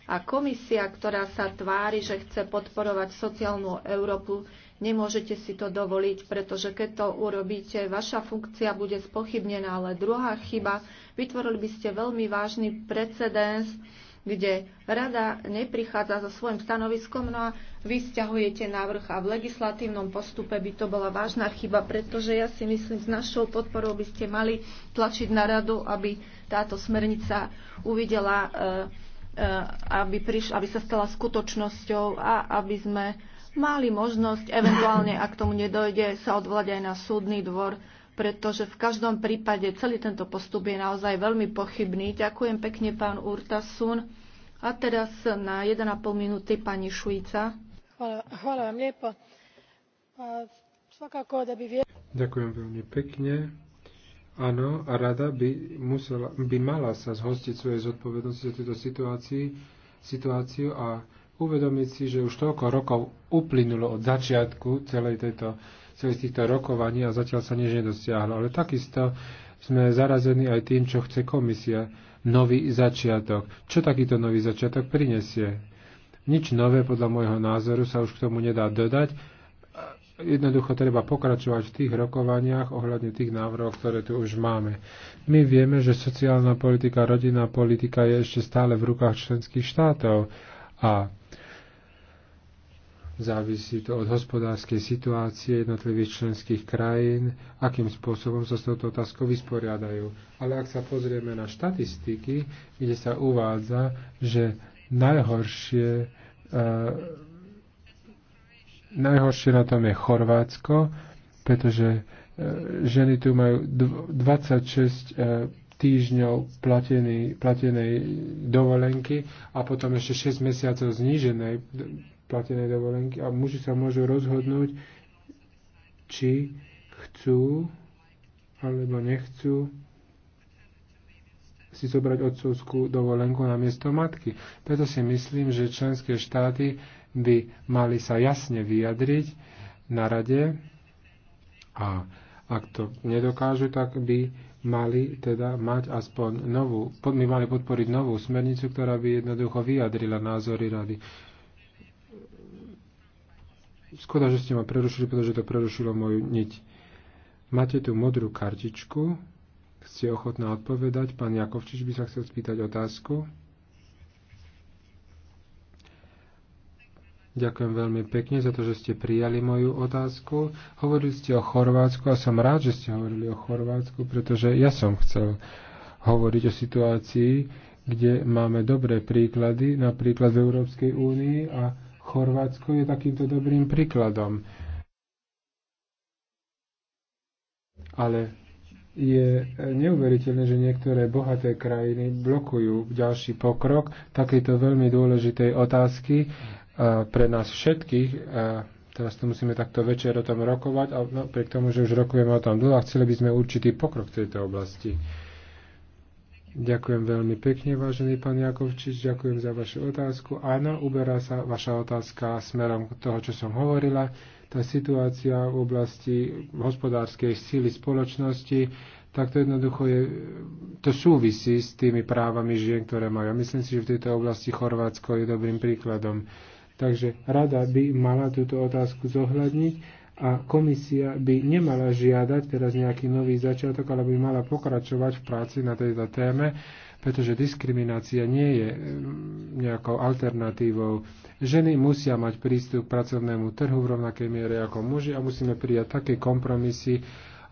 A komisia, ktorá sa tvári, že chce podporovať sociálnu Európu, nemôžete si to dovoliť, pretože keď to urobíte, vaša funkcia bude spochybnená. Ale druhá chyba, vytvorili by ste veľmi vážny precedens, kde rada neprichádza so svojim stanoviskom, no a vy stiahujete návrh a v legislatívnom postupe by to bola vážna chyba, pretože ja si myslím, s našou podporou by ste mali tlačiť na radu, aby táto smernica uvidela, e, e, aby, priš, aby sa stala skutočnosťou a aby sme mali možnosť, eventuálne, ak tomu nedojde, sa odvolať aj na súdny dvor pretože v každom prípade celý tento postup je naozaj veľmi pochybný. Ďakujem pekne, pán Urtasun. A teraz na 1,5 minúty pani Šujica. Hvala vám lepo. Svakako da Ďakujem veľmi pekne. Áno, a rada by, musela, by mala sa zhostiť svoje zodpovednosti za túto situácii, situáciu a uvedomiť si, že už toľko rokov uplynulo od začiatku celej tejto celých týchto rokovaní a zatiaľ sa nič nedosiahlo. Ale takisto sme zarazení aj tým, čo chce komisia. Nový začiatok. Čo takýto nový začiatok prinesie? Nič nové podľa môjho názoru sa už k tomu nedá dodať. Jednoducho treba pokračovať v tých rokovaniach ohľadne tých návrhov, ktoré tu už máme. My vieme, že sociálna politika, rodinná politika je ešte stále v rukách členských štátov a Závisí to od hospodárskej situácie jednotlivých členských krajín, akým spôsobom sa s touto otázkou vysporiadajú. Ale ak sa pozrieme na štatistiky, kde sa uvádza, že najhoršie, e, najhoršie na tom je Chorvátsko, pretože e, ženy tu majú 26 e, eh, týždňov platený, platenej dovolenky a potom ešte 6 mesiacov zníženej platené dovolenky a muži sa môžu rozhodnúť, či chcú alebo nechcú si zobrať otcovskú dovolenku na miesto matky. Preto si myslím, že členské štáty by mali sa jasne vyjadriť na rade a ak to nedokážu, tak by mali teda mať aspoň novú, my mali podporiť novú smernicu, ktorá by jednoducho vyjadrila názory rady. Skoda, že ste ma prerušili, pretože to prerušilo moju niť. Máte tu modrú kartičku. Ste ochotná odpovedať? Pán Jakovčič by sa chcel spýtať otázku. Ďakujem veľmi pekne za to, že ste prijali moju otázku. Hovorili ste o Chorvátsku a som rád, že ste hovorili o Chorvátsku, pretože ja som chcel hovoriť o situácii, kde máme dobré príklady, napríklad v Európskej únii a Chorvátsko je takýmto dobrým príkladom. Ale je neuveriteľné, že niektoré bohaté krajiny blokujú ďalší pokrok takejto veľmi dôležitej otázky e, pre nás všetkých. E, teraz to musíme takto večer o tom rokovať a napriek no, tomu, že už rokujeme o tom dlho a chceli by sme určitý pokrok v tejto oblasti. Ďakujem veľmi pekne, vážený pán Jakovčič, ďakujem za vašu otázku. Áno, uberá sa vaša otázka smerom toho, čo som hovorila. Tá situácia v oblasti hospodárskej síly spoločnosti, tak to jednoducho je, to súvisí s tými právami žien, ktoré majú. Myslím si, že v tejto oblasti Chorvátsko je dobrým príkladom. Takže rada by mala túto otázku zohľadniť a komisia by nemala žiadať teraz nejaký nový začiatok, ale by mala pokračovať v práci na tejto téme, pretože diskriminácia nie je mm, nejakou alternatívou. Ženy musia mať prístup k pracovnému trhu v rovnakej miere ako muži a musíme prijať také kompromisy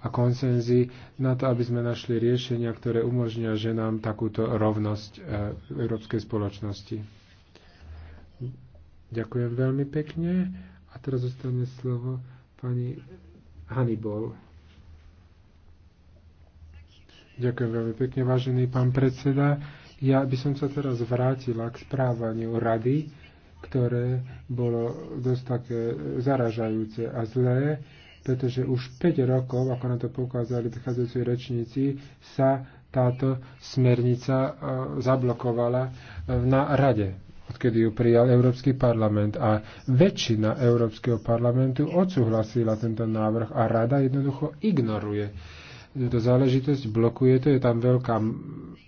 a konsenzy na to, aby sme našli riešenia, ktoré umožnia ženám takúto rovnosť e, v európskej spoločnosti. Ďakujem veľmi pekne a teraz zostane slovo Pani Hannibal. Ďakujem veľmi pekne, vážený pán predseda. Ja by som sa teraz vrátila k správaniu rady, ktoré bolo dosť také zaražajúce a zlé, pretože už 5 rokov, ako na to poukázali vychádzajúci rečníci, sa táto smernica e, zablokovala e, na rade odkedy ju prijal Európsky parlament. A väčšina Európskeho parlamentu odsúhlasila tento návrh a rada jednoducho ignoruje túto záležitosť, blokuje to. Je tam veľká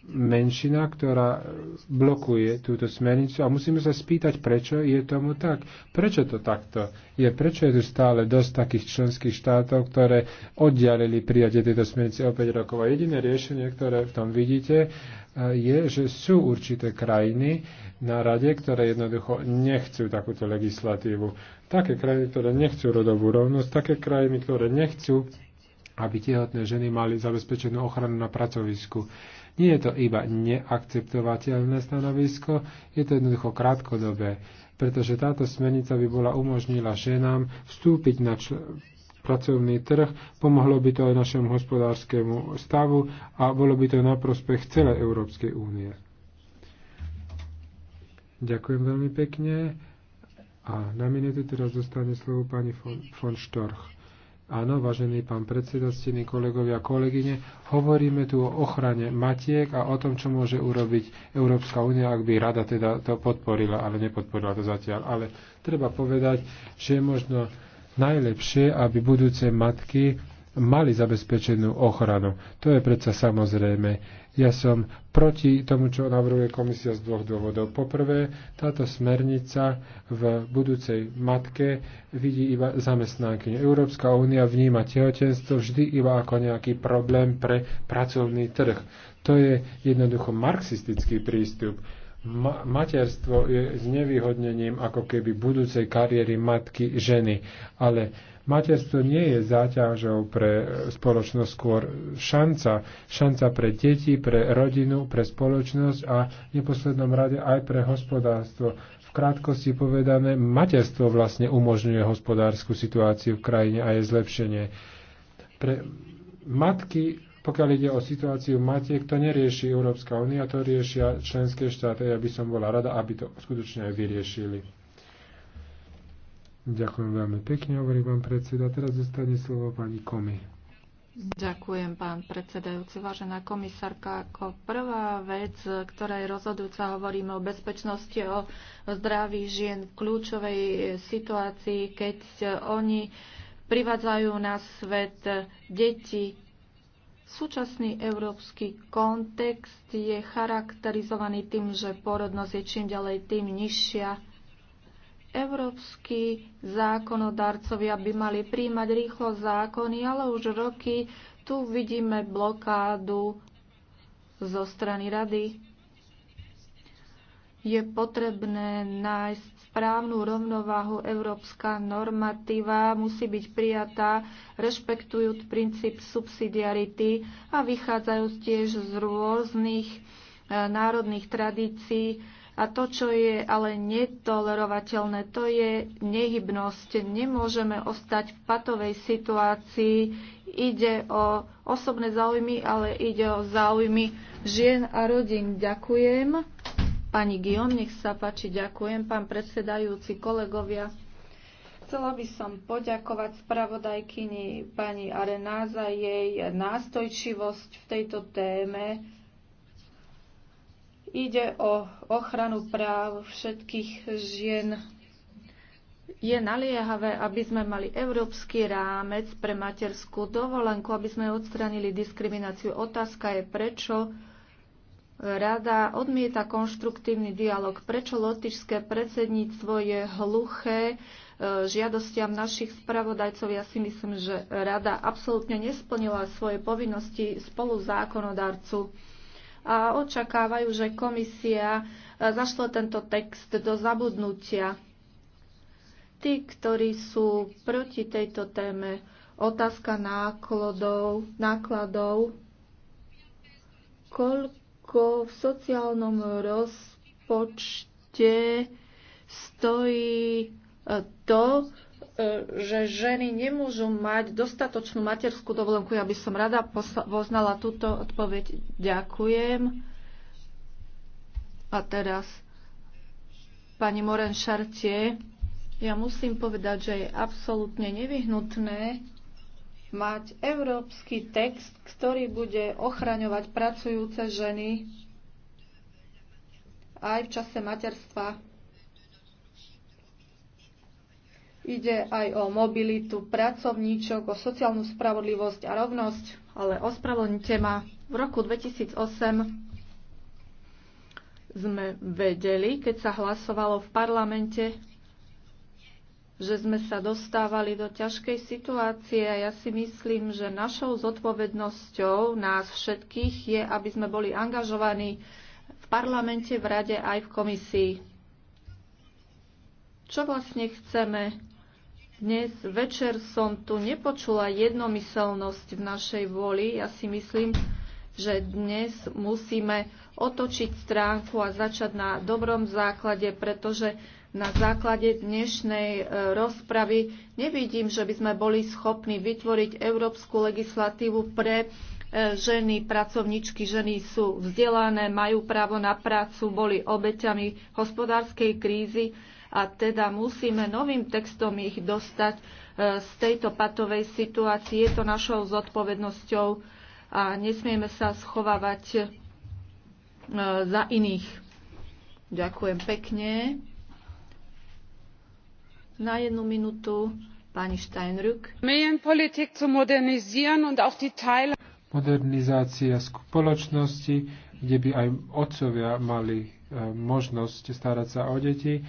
menšina, ktorá blokuje túto smernicu a musíme sa spýtať, prečo je tomu tak. Prečo to takto je? Prečo je tu stále dosť takých členských štátov, ktoré oddialili prijatie tejto smernice o 5 rokov? A jediné riešenie, ktoré v tom vidíte, e, je, že sú určité krajiny na rade, ktoré jednoducho nechcú takúto legislatívu. Také krajiny, ktoré nechcú rodovú rovnosť, také krajiny, ktoré nechcú aby tehotné ženy mali zabezpečenú ochranu na pracovisku. Nie je to iba neakceptovateľné stanovisko, je to jednoducho krátkodobé, pretože táto smernica by bola umožnila ženám vstúpiť na čl- pracovný trh, pomohlo by to aj našemu hospodárskému stavu a bolo by to na prospech celej Európskej únie. Ďakujem veľmi pekne. A na minútu teraz dostane slovo pani von, von Storch. Áno, vážený pán predseda, stíny kolegovia a kolegyne, hovoríme tu o ochrane matiek a o tom, čo môže urobiť Európska únia, ak by rada teda to podporila, ale nepodporila to zatiaľ. Ale treba povedať, že je možno najlepšie, aby budúce matky mali zabezpečenú ochranu. To je predsa samozrejme. Ja som proti tomu, čo navrhuje komisia z dvoch dôvodov. Poprvé, táto smernica v budúcej matke vidí iba zamestnankyňu. Európska únia vníma tehotenstvo vždy iba ako nejaký problém pre pracovný trh. To je jednoducho marxistický prístup ma- materstvo je znevýhodnením ako keby budúcej kariéry matky ženy. Ale Materstvo nie je záťažou pre spoločnosť, skôr šanca. Šanca pre deti, pre rodinu, pre spoločnosť a v neposlednom rade aj pre hospodárstvo. V krátkosti povedané, materstvo vlastne umožňuje hospodárskú situáciu v krajine a je zlepšenie. Pre matky pokiaľ ide o situáciu matiek, to nerieši Európska únia, to riešia členské štáty. Ja by som bola rada, aby to skutočne aj vyriešili. Ďakujem veľmi pekne, hovorí pán predseda. Teraz zostane slovo pani Komi. Ďakujem, pán predsedajúci. Vážená komisárka, ako prvá vec, ktorá je rozhodujúca, hovoríme o bezpečnosti, o zdraví žien v kľúčovej situácii, keď oni privádzajú na svet deti. Súčasný európsky kontext je charakterizovaný tým, že porodnosť je čím ďalej tým nižšia Európsky zákonodarcovia by mali príjmať rýchlo zákony, ale už roky tu vidíme blokádu zo strany rady. Je potrebné nájsť správnu rovnováhu. Európska normatíva musí byť prijatá rešpektujúc princíp subsidiarity a vychádzajú tiež z rôznych e, národných tradícií a to, čo je ale netolerovateľné, to je nehybnosť. Nemôžeme ostať v patovej situácii. Ide o osobné záujmy, ale ide o záujmy žien a rodín. Ďakujem. Pani Gion, nech sa páči, ďakujem. Pán predsedajúci, kolegovia. Chcela by som poďakovať spravodajkyni pani Arena za jej nástojčivosť v tejto téme Ide o ochranu práv všetkých žien. Je naliehavé, aby sme mali európsky rámec pre materskú dovolenku, aby sme odstranili diskrimináciu. Otázka je, prečo Rada odmieta konštruktívny dialog, prečo lotišské predsedníctvo je hluché e, žiadostiam našich spravodajcov. Ja si myslím, že rada absolútne nesplnila svoje povinnosti spolu zákonodarcu a očakávajú, že komisia e, zašlo tento text do zabudnutia. Tí, ktorí sú proti tejto téme, otázka nákladov, nákladov koľko v sociálnom rozpočte stojí e, to, E, že ženy nemôžu mať dostatočnú materskú dovolenku. Ja by som rada poznala túto odpoveď. Ďakujem. A teraz pani Moren Šartie. Ja musím povedať, že je absolútne nevyhnutné mať európsky text, ktorý bude ochraňovať pracujúce ženy aj v čase materstva. Ide aj o mobilitu pracovníčok, o sociálnu spravodlivosť a rovnosť, ale ospravedlnite ma. V roku 2008 sme vedeli, keď sa hlasovalo v parlamente, že sme sa dostávali do ťažkej situácie a ja si myslím, že našou zodpovednosťou nás všetkých je, aby sme boli angažovaní v parlamente, v rade aj v komisii. Čo vlastne chceme dnes večer som tu nepočula jednomyselnosť v našej voli. Ja si myslím, že dnes musíme otočiť stránku a začať na dobrom základe, pretože na základe dnešnej e, rozpravy nevidím, že by sme boli schopní vytvoriť európsku legislatívu pre e, ženy, pracovničky, ženy sú vzdelané, majú právo na prácu, boli obeťami hospodárskej krízy a teda musíme novým textom ich dostať e, z tejto patovej situácie. Je to našou zodpovednosťou a nesmieme sa schovávať e, za iných. Ďakujem pekne. Na jednu minútu pani Steinrück. Medienpolitik zu modernisieren und auch die Teil modernizácia spoločnosti, kde by aj otcovia mali e, možnosť starať sa o deti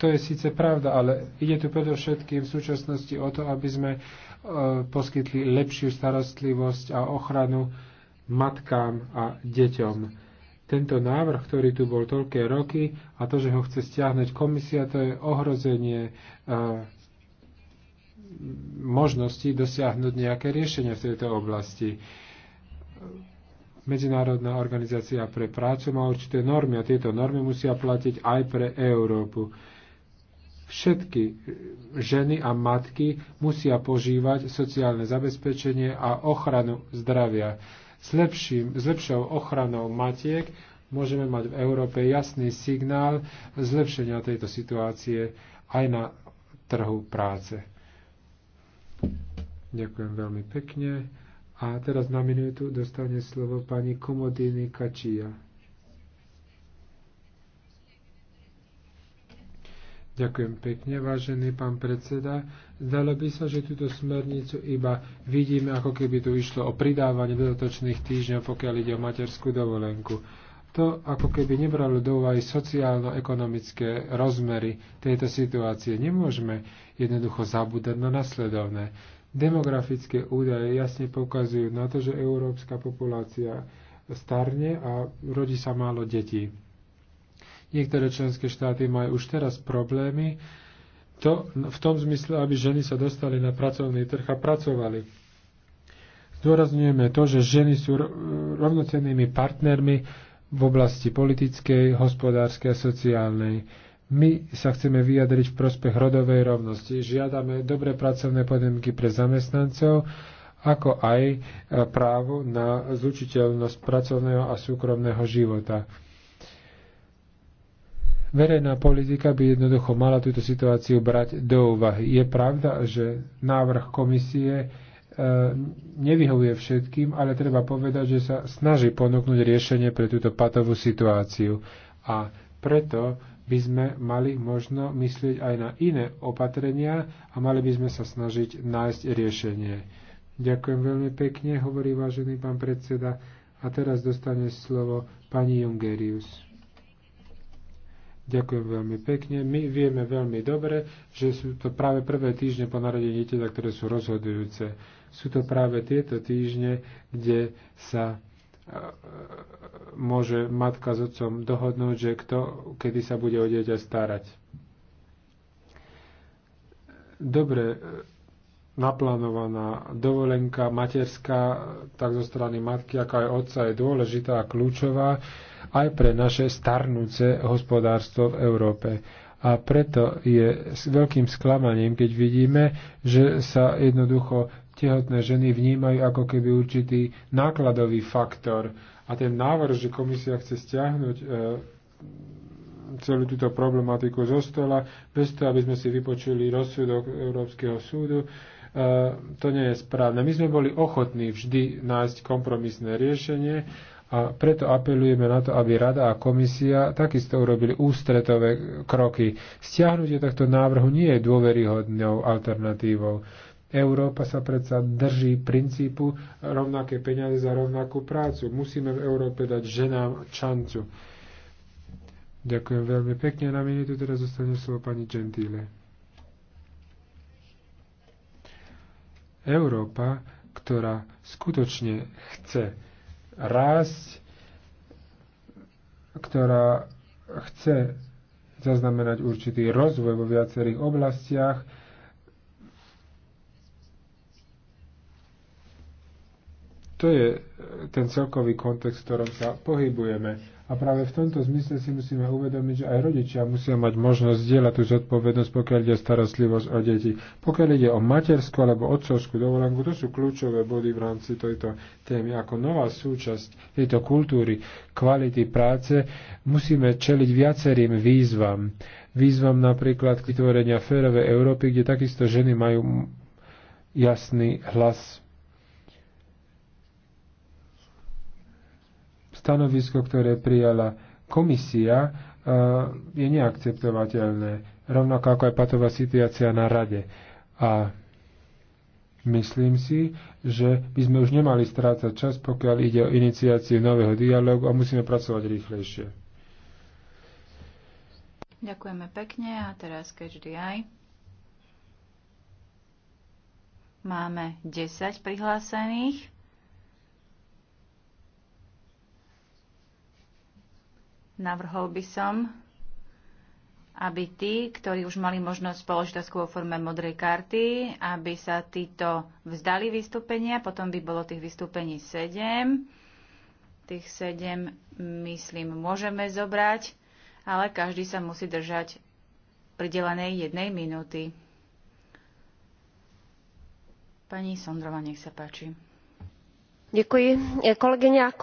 to je síce pravda, ale ide tu predovšetkým v súčasnosti o to, aby sme e, poskytli lepšiu starostlivosť a ochranu matkám a deťom tento návrh, ktorý tu bol toľké roky a to, že ho chce stiahnuť komisia, to je ohrozenie e, možnosti dosiahnuť nejaké riešenie v tejto oblasti. Medzinárodná organizácia pre prácu má určité normy a tieto normy musia platiť aj pre Európu. Všetky ženy a matky musia požívať sociálne zabezpečenie a ochranu zdravia. S, lepším, s lepšou ochranou matiek môžeme mať v Európe jasný signál zlepšenia tejto situácie aj na trhu práce. Ďakujem veľmi pekne. A teraz na minútu dostane slovo pani Komodiny Kačia. Ďakujem pekne, vážený pán predseda. Zdalo by sa, že túto smernicu iba vidíme, ako keby tu išlo o pridávanie dodatočných týždňov, pokiaľ ide o materskú dovolenku. To ako keby nebralo do úvahy sociálno-ekonomické rozmery tejto situácie. Nemôžeme jednoducho zabúdať na nasledovné Demografické údaje jasne pokazujú na to, že európska populácia starne a rodí sa málo detí. Niektoré členské štáty majú už teraz problémy to, v tom zmysle, aby ženy sa dostali na pracovný trh a pracovali. Zdôrazňujeme to, že ženy sú rovnocennými partnermi v oblasti politickej, hospodárskej a sociálnej my sa chceme vyjadriť v prospech rodovej rovnosti. Žiadame dobre pracovné podmienky pre zamestnancov, ako aj e, právo na zlučiteľnosť pracovného a súkromného života. Verejná politika by jednoducho mala túto situáciu brať do úvahy. Je pravda, že návrh komisie e, nevyhovuje všetkým, ale treba povedať, že sa snaží ponúknuť riešenie pre túto patovú situáciu. A preto by sme mali možno myslieť aj na iné opatrenia a mali by sme sa snažiť nájsť riešenie. Ďakujem veľmi pekne, hovorí vážený pán predseda. A teraz dostane slovo pani Jungerius. Ďakujem veľmi pekne. My vieme veľmi dobre, že sú to práve prvé týždne po narodení dieťaťa, ktoré sú rozhodujúce. Sú to práve tieto týždne, kde sa môže matka s otcom dohodnúť, že kto, kedy sa bude o dieťa starať. Dobre e, naplánovaná dovolenka materská, tak zo strany matky, ako aj otca, je dôležitá a kľúčová aj pre naše starnúce hospodárstvo v Európe. A preto je s veľkým sklamaním, keď vidíme, že sa jednoducho tehotné ženy vnímajú ako keby určitý nákladový faktor. A ten návrh, že komisia chce stiahnuť e, celú túto problematiku zo stola, bez toho, aby sme si vypočuli rozsudok Európskeho súdu, e, to nie je správne. My sme boli ochotní vždy nájsť kompromisné riešenie a preto apelujeme na to, aby Rada a Komisia takisto urobili ústretové kroky. Stiahnutie tohto návrhu nie je dôveryhodnou alternatívou. Európa sa predsa drží princípu rovnaké peniaze za rovnakú prácu. Musíme v Európe dať ženám šancu. Ďakujem veľmi pekne. Na minútu teraz zostane slovo pani Gentile. Európa, ktorá skutočne chce rásť, ktorá chce zaznamenať určitý rozvoj vo viacerých oblastiach, to je e, ten celkový kontext, v ktorom sa pohybujeme. A práve v tomto zmysle si musíme uvedomiť, že aj rodičia musia mať možnosť zdieľať tú zodpovednosť, pokiaľ ide starostlivosť o deti. Pokiaľ ide o materskú alebo otcovskú dovolenku, to sú kľúčové body v rámci tejto témy. Ako nová súčasť tejto kultúry, kvality práce, musíme čeliť viacerým výzvam. Výzvam napríklad vytvorenia férovej Európy, kde takisto ženy majú jasný hlas Stanovisko, ktoré prijala komisia, e, je neakceptovateľné. Rovnako ako aj patová situácia na rade. A Myslím si, že by sme už nemali strácať čas, pokiaľ ide o iniciáciu nového dialogu a musíme pracovať rýchlejšie. Ďakujeme pekne a teraz KHDI. Máme 10 prihlásených. Navrhol by som, aby tí, ktorí už mali možnosť položiť otázku vo forme modrej karty, aby sa títo vzdali vystúpenia, potom by bolo tých vystúpení 7. Tých sedem myslím, môžeme zobrať, ale každý sa musí držať pridelenej jednej minúty. Pani Sondrova, nech sa páči. Ďakujem. pekne, kolegyne,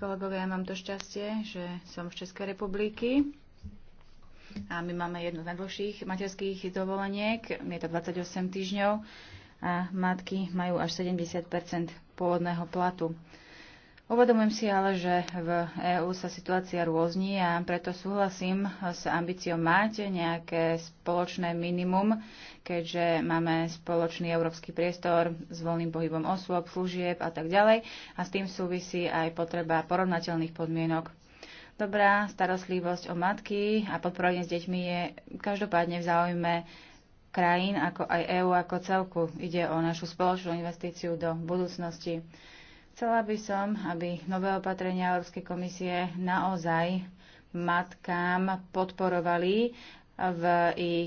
kolegovia. Ja mám to šťastie, že som z Českej republiky a my máme jednu z najdlhších materských dovoleniek, je to 28 týždňov a matky majú až 70 pôvodného platu. Uvedomujem si ale, že v EÚ sa situácia rôzni a preto súhlasím s ambíciou mať nejaké spoločné minimum, keďže máme spoločný európsky priestor s voľným pohybom osôb, služieb a tak ďalej a s tým súvisí aj potreba porovnateľných podmienok. Dobrá starostlivosť o matky a podporovanie s deťmi je každopádne v záujme krajín ako aj EÚ ako celku. Ide o našu spoločnú investíciu do budúcnosti. Chcela by som, aby nové opatrenia Európskej komisie naozaj matkám podporovali v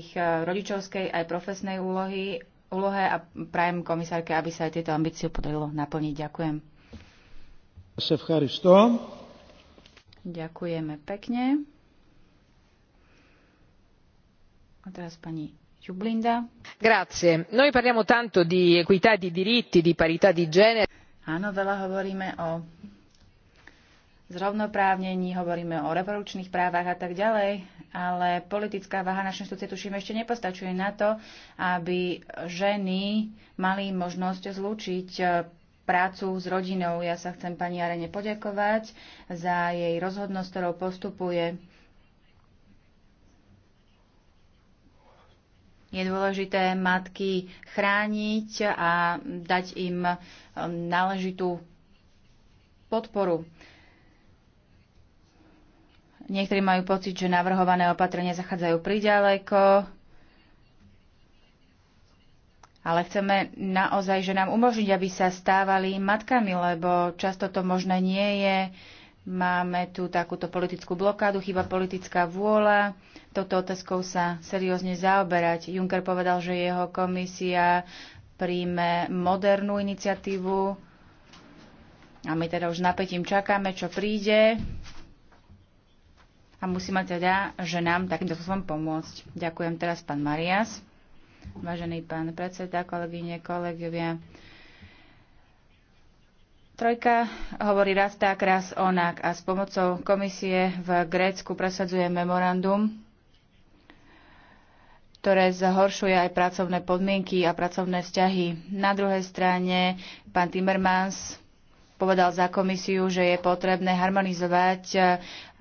ich rodičovskej aj profesnej úlohy, úlohe a prajem komisárke, aby sa aj tieto ambíciu podarilo naplniť. Ďakujem. Ďakujeme pekne. A teraz pani Jublinda. Grazie. Noi parliamo tanto di equità di diritti, di parità di genere. Áno, veľa hovoríme o zrovnoprávnení, hovoríme o revolučných právach a tak ďalej, ale politická váha našej štúcie tuším ešte nepostačuje na to, aby ženy mali možnosť zlúčiť eh, prácu s rodinou. Ja sa chcem pani Arene poďakovať za jej rozhodnosť, ktorou postupuje Je dôležité matky chrániť a dať im um, náležitú podporu. Niektorí majú pocit, že navrhované opatrenia zachádzajú priďaleko, ale chceme naozaj, že nám umožniť, aby sa stávali matkami, lebo často to možné nie je Máme tu takúto politickú blokádu, chyba politická vôľa. Toto otázkou sa seriózne zaoberať. Juncker povedal, že jeho komisia príjme modernú iniciatívu a my teda už napätím čakáme, čo príde a musíme teda, že nám takýmto spôsobom pomôcť. Ďakujem teraz pán Marias, vážený pán predseda, kolegyne, kolegovia. Trojka hovorí raz tak, raz onak a s pomocou komisie v Grécku presadzuje memorandum, ktoré zhoršuje aj pracovné podmienky a pracovné vzťahy. Na druhej strane pán Timmermans povedal za komisiu, že je potrebné harmonizovať eh,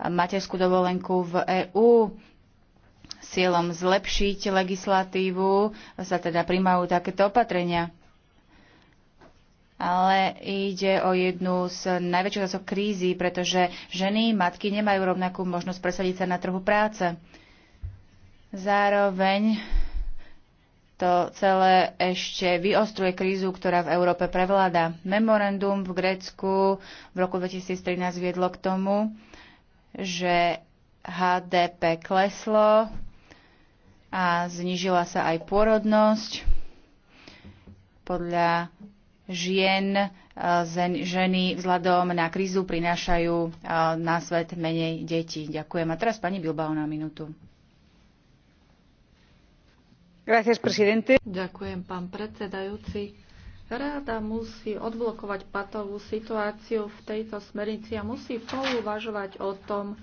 materskú dovolenku v EÚ s cieľom zlepšiť legislatívu, sa teda príjmajú takéto opatrenia ale ide o jednu z najväčších zásov krízy, pretože ženy, matky nemajú rovnakú možnosť presadiť sa na trhu práce. Zároveň to celé ešte vyostruje krízu, ktorá v Európe prevláda. Memorandum v Grécku v roku 2013 viedlo k tomu, že HDP kleslo a znižila sa aj pôrodnosť. Podľa žien, e, ženy vzhľadom na krízu prinášajú e, na svet menej detí. Ďakujem. A teraz pani Bilbao na minútu. Ďakujem, pán predsedajúci. Rada musí odblokovať patovú situáciu v tejto smernici a musí pouvažovať o tom,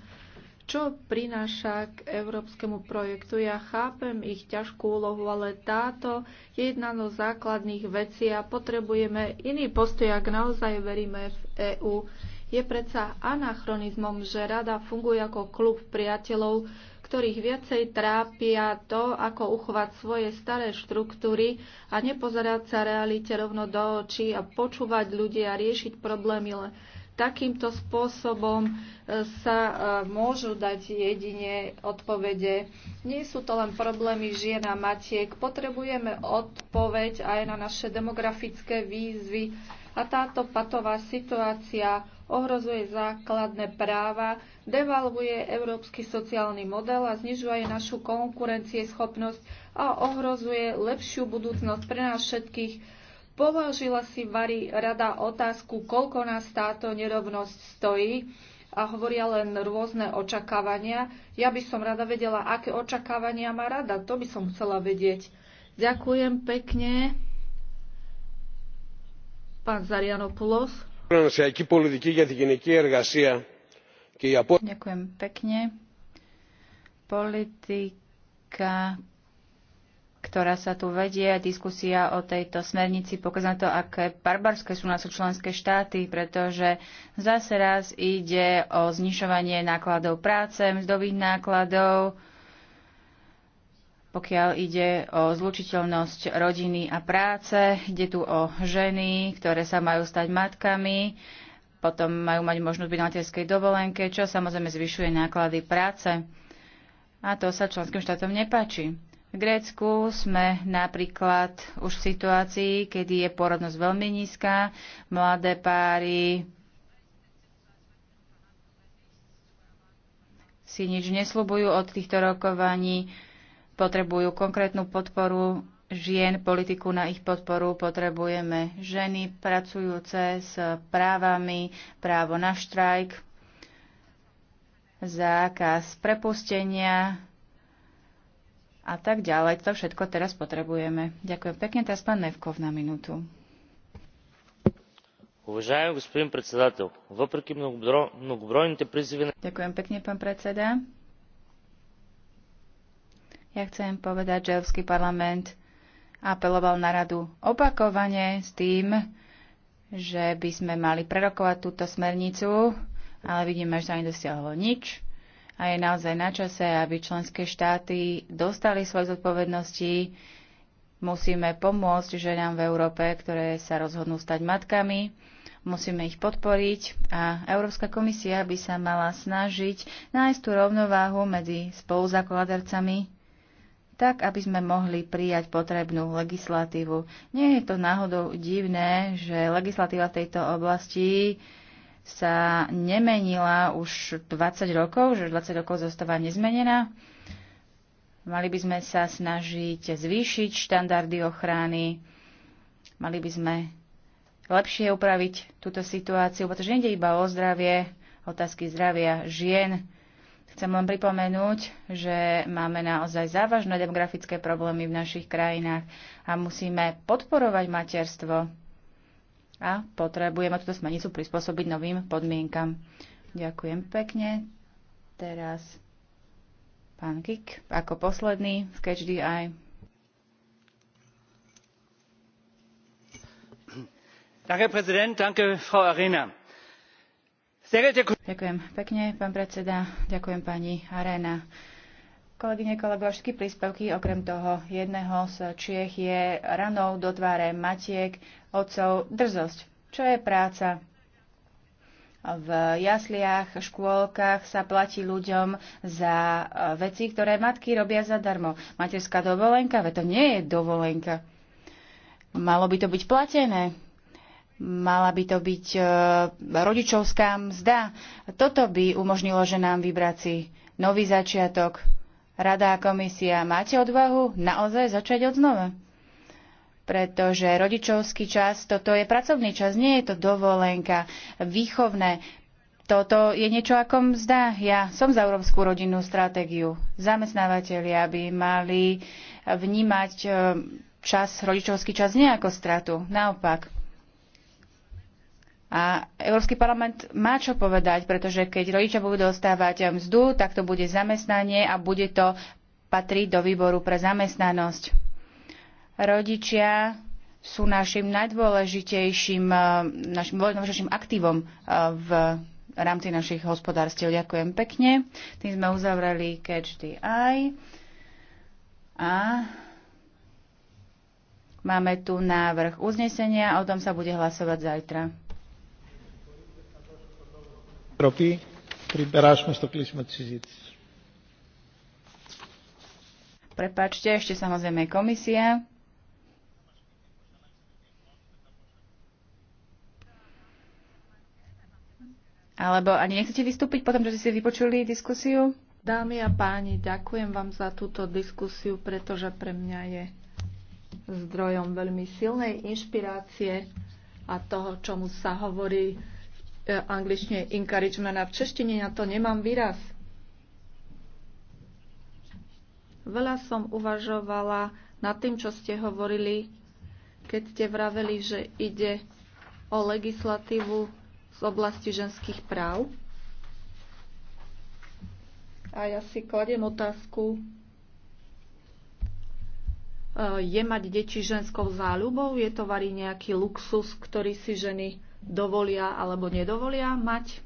čo prináša k európskemu projektu. Ja chápem ich ťažkú úlohu, ale táto je jedna zo základných vecí a potrebujeme iný postoj, ak naozaj veríme v EÚ. Je predsa anachronizmom, že rada funguje ako klub priateľov, ktorých viacej trápia to, ako uchovať svoje staré štruktúry a nepozerať sa realite rovno do očí a počúvať ľudia a riešiť problémy Takýmto spôsobom e, sa e, môžu dať jedine odpovede. Nie sú to len problémy žien a matiek. Potrebujeme odpoveď aj na naše demografické výzvy. A táto patová situácia ohrozuje základné práva, devalvuje európsky sociálny model a znižuje našu konkurencieschopnosť a ohrozuje lepšiu budúcnosť pre nás všetkých Položila si Vary rada otázku, koľko nás táto nerovnosť stojí a hovoria len rôzne očakávania. Ja by som rada vedela, aké očakávania má rada. To by som chcela vedieť. Ďakujem pekne. Pán Zarianopoulos. Ďakujem pekne. Politika ktorá sa tu vedie, diskusia o tejto smernici pokazujem to, aké barbarské sú nás členské štáty, pretože zase raz ide o znišovanie nákladov práce, mzdových nákladov, pokiaľ ide o zlučiteľnosť rodiny a práce, ide tu o ženy, ktoré sa majú stať matkami, potom majú mať možnosť byť na materskej dovolenke, čo samozrejme zvyšuje náklady práce. A to sa členským štátom nepáči. V Grécku sme napríklad už v situácii, kedy je porodnosť veľmi nízka, mladé páry si nič nesľubujú od týchto rokovaní, potrebujú konkrétnu podporu žien, politiku na ich podporu. Potrebujeme ženy pracujúce s právami, právo na štrajk, zákaz prepustenia, a tak ďalej. To všetko teraz potrebujeme. Ďakujem pekne. Teraz pán Nevkov na minútu. Уважаеми господин председател, въпреки многобройните призиви Ďakujem pekne, pán predseda. Ja chcem povedať, že Európsky parlament apeloval na radu opakovane s tým, že by sme mali prerokovať túto smernicu, ale vidíme, že sa nedosiahlo nič a je naozaj na čase, aby členské štáty dostali svoje zodpovednosti. Musíme pomôcť ženám v Európe, ktoré sa rozhodnú stať matkami musíme ich podporiť a Európska komisia by sa mala snažiť nájsť tú rovnováhu medzi spoluzakladarcami, tak aby sme mohli prijať potrebnú legislatívu. Nie je to náhodou divné, že legislatíva v tejto oblasti sa nemenila už 20 rokov, že už 20 rokov zostáva nezmenená. Mali by sme sa snažiť zvýšiť štandardy ochrany, mali by sme lepšie upraviť túto situáciu, pretože nejde iba o zdravie, otázky zdravia žien. Chcem len pripomenúť, že máme naozaj závažné demografické problémy v našich krajinách a musíme podporovať materstvo a potrebujeme túto smernicu prispôsobiť novým podmienkam. Ďakujem pekne. Teraz pán Kik ako posledný v CatchDI. Danke, danke, Frau Arena. Ďakujem pekne, pán predseda. Ďakujem pani Arena. Kolegyne, kolegov všetky príspevky, okrem toho jedného z Čiech, je ranou do tváre matiek, otcov, drzosť. Čo je práca? V jasliach, škôlkach sa platí ľuďom za e, veci, ktoré matky robia zadarmo. Materská dovolenka, ve to nie je dovolenka. Malo by to byť platené. Mala by to byť e, rodičovská mzda. Toto by umožnilo nám vybrať si nový začiatok, Rada a komisia, máte odvahu naozaj začať od znova? Pretože rodičovský čas, toto je pracovný čas, nie je to dovolenka, výchovné. Toto je niečo ako mzda. Ja som za európsku rodinnú stratégiu. Zamestnávateľi, aby mali vnímať eh, čas, rodičovský čas nie ako stratu. Naopak, a Európsky parlament má čo povedať, pretože keď rodičia budú dostávať eh, mzdu, tak to bude zamestnanie a bude to patriť do výboru pre zamestnanosť. Rodičia sú našim najdôležitejším, eh, našim najdôležitejším aktívom eh, v rámci našich hospodárstiev. Ďakujem pekne. Tým sme uzavreli Catch the Eye. A Máme tu návrh uznesenia, o tom sa bude hlasovať zajtra. Επιτροπή πριν περάσουμε στο κλείσιμο της συζήτησης. Prepačte, ešte samozrejme komisia. Alebo ani nechcete vystúpiť potom, že ste si vypočuli diskusiu? Dámy a páni, ďakujem vám za túto diskusiu, pretože pre mňa je zdrojom veľmi silnej inšpirácie a toho, čomu sa hovorí E, angličtine encouragement a v češtine na to nemám výraz. Veľa som uvažovala nad tým, čo ste hovorili, keď ste vraveli, že ide o legislatívu z oblasti ženských práv. A ja si kladiem otázku, e, je mať deti ženskou záľubou? Je to varí nejaký luxus, ktorý si ženy dovolia alebo nedovolia mať?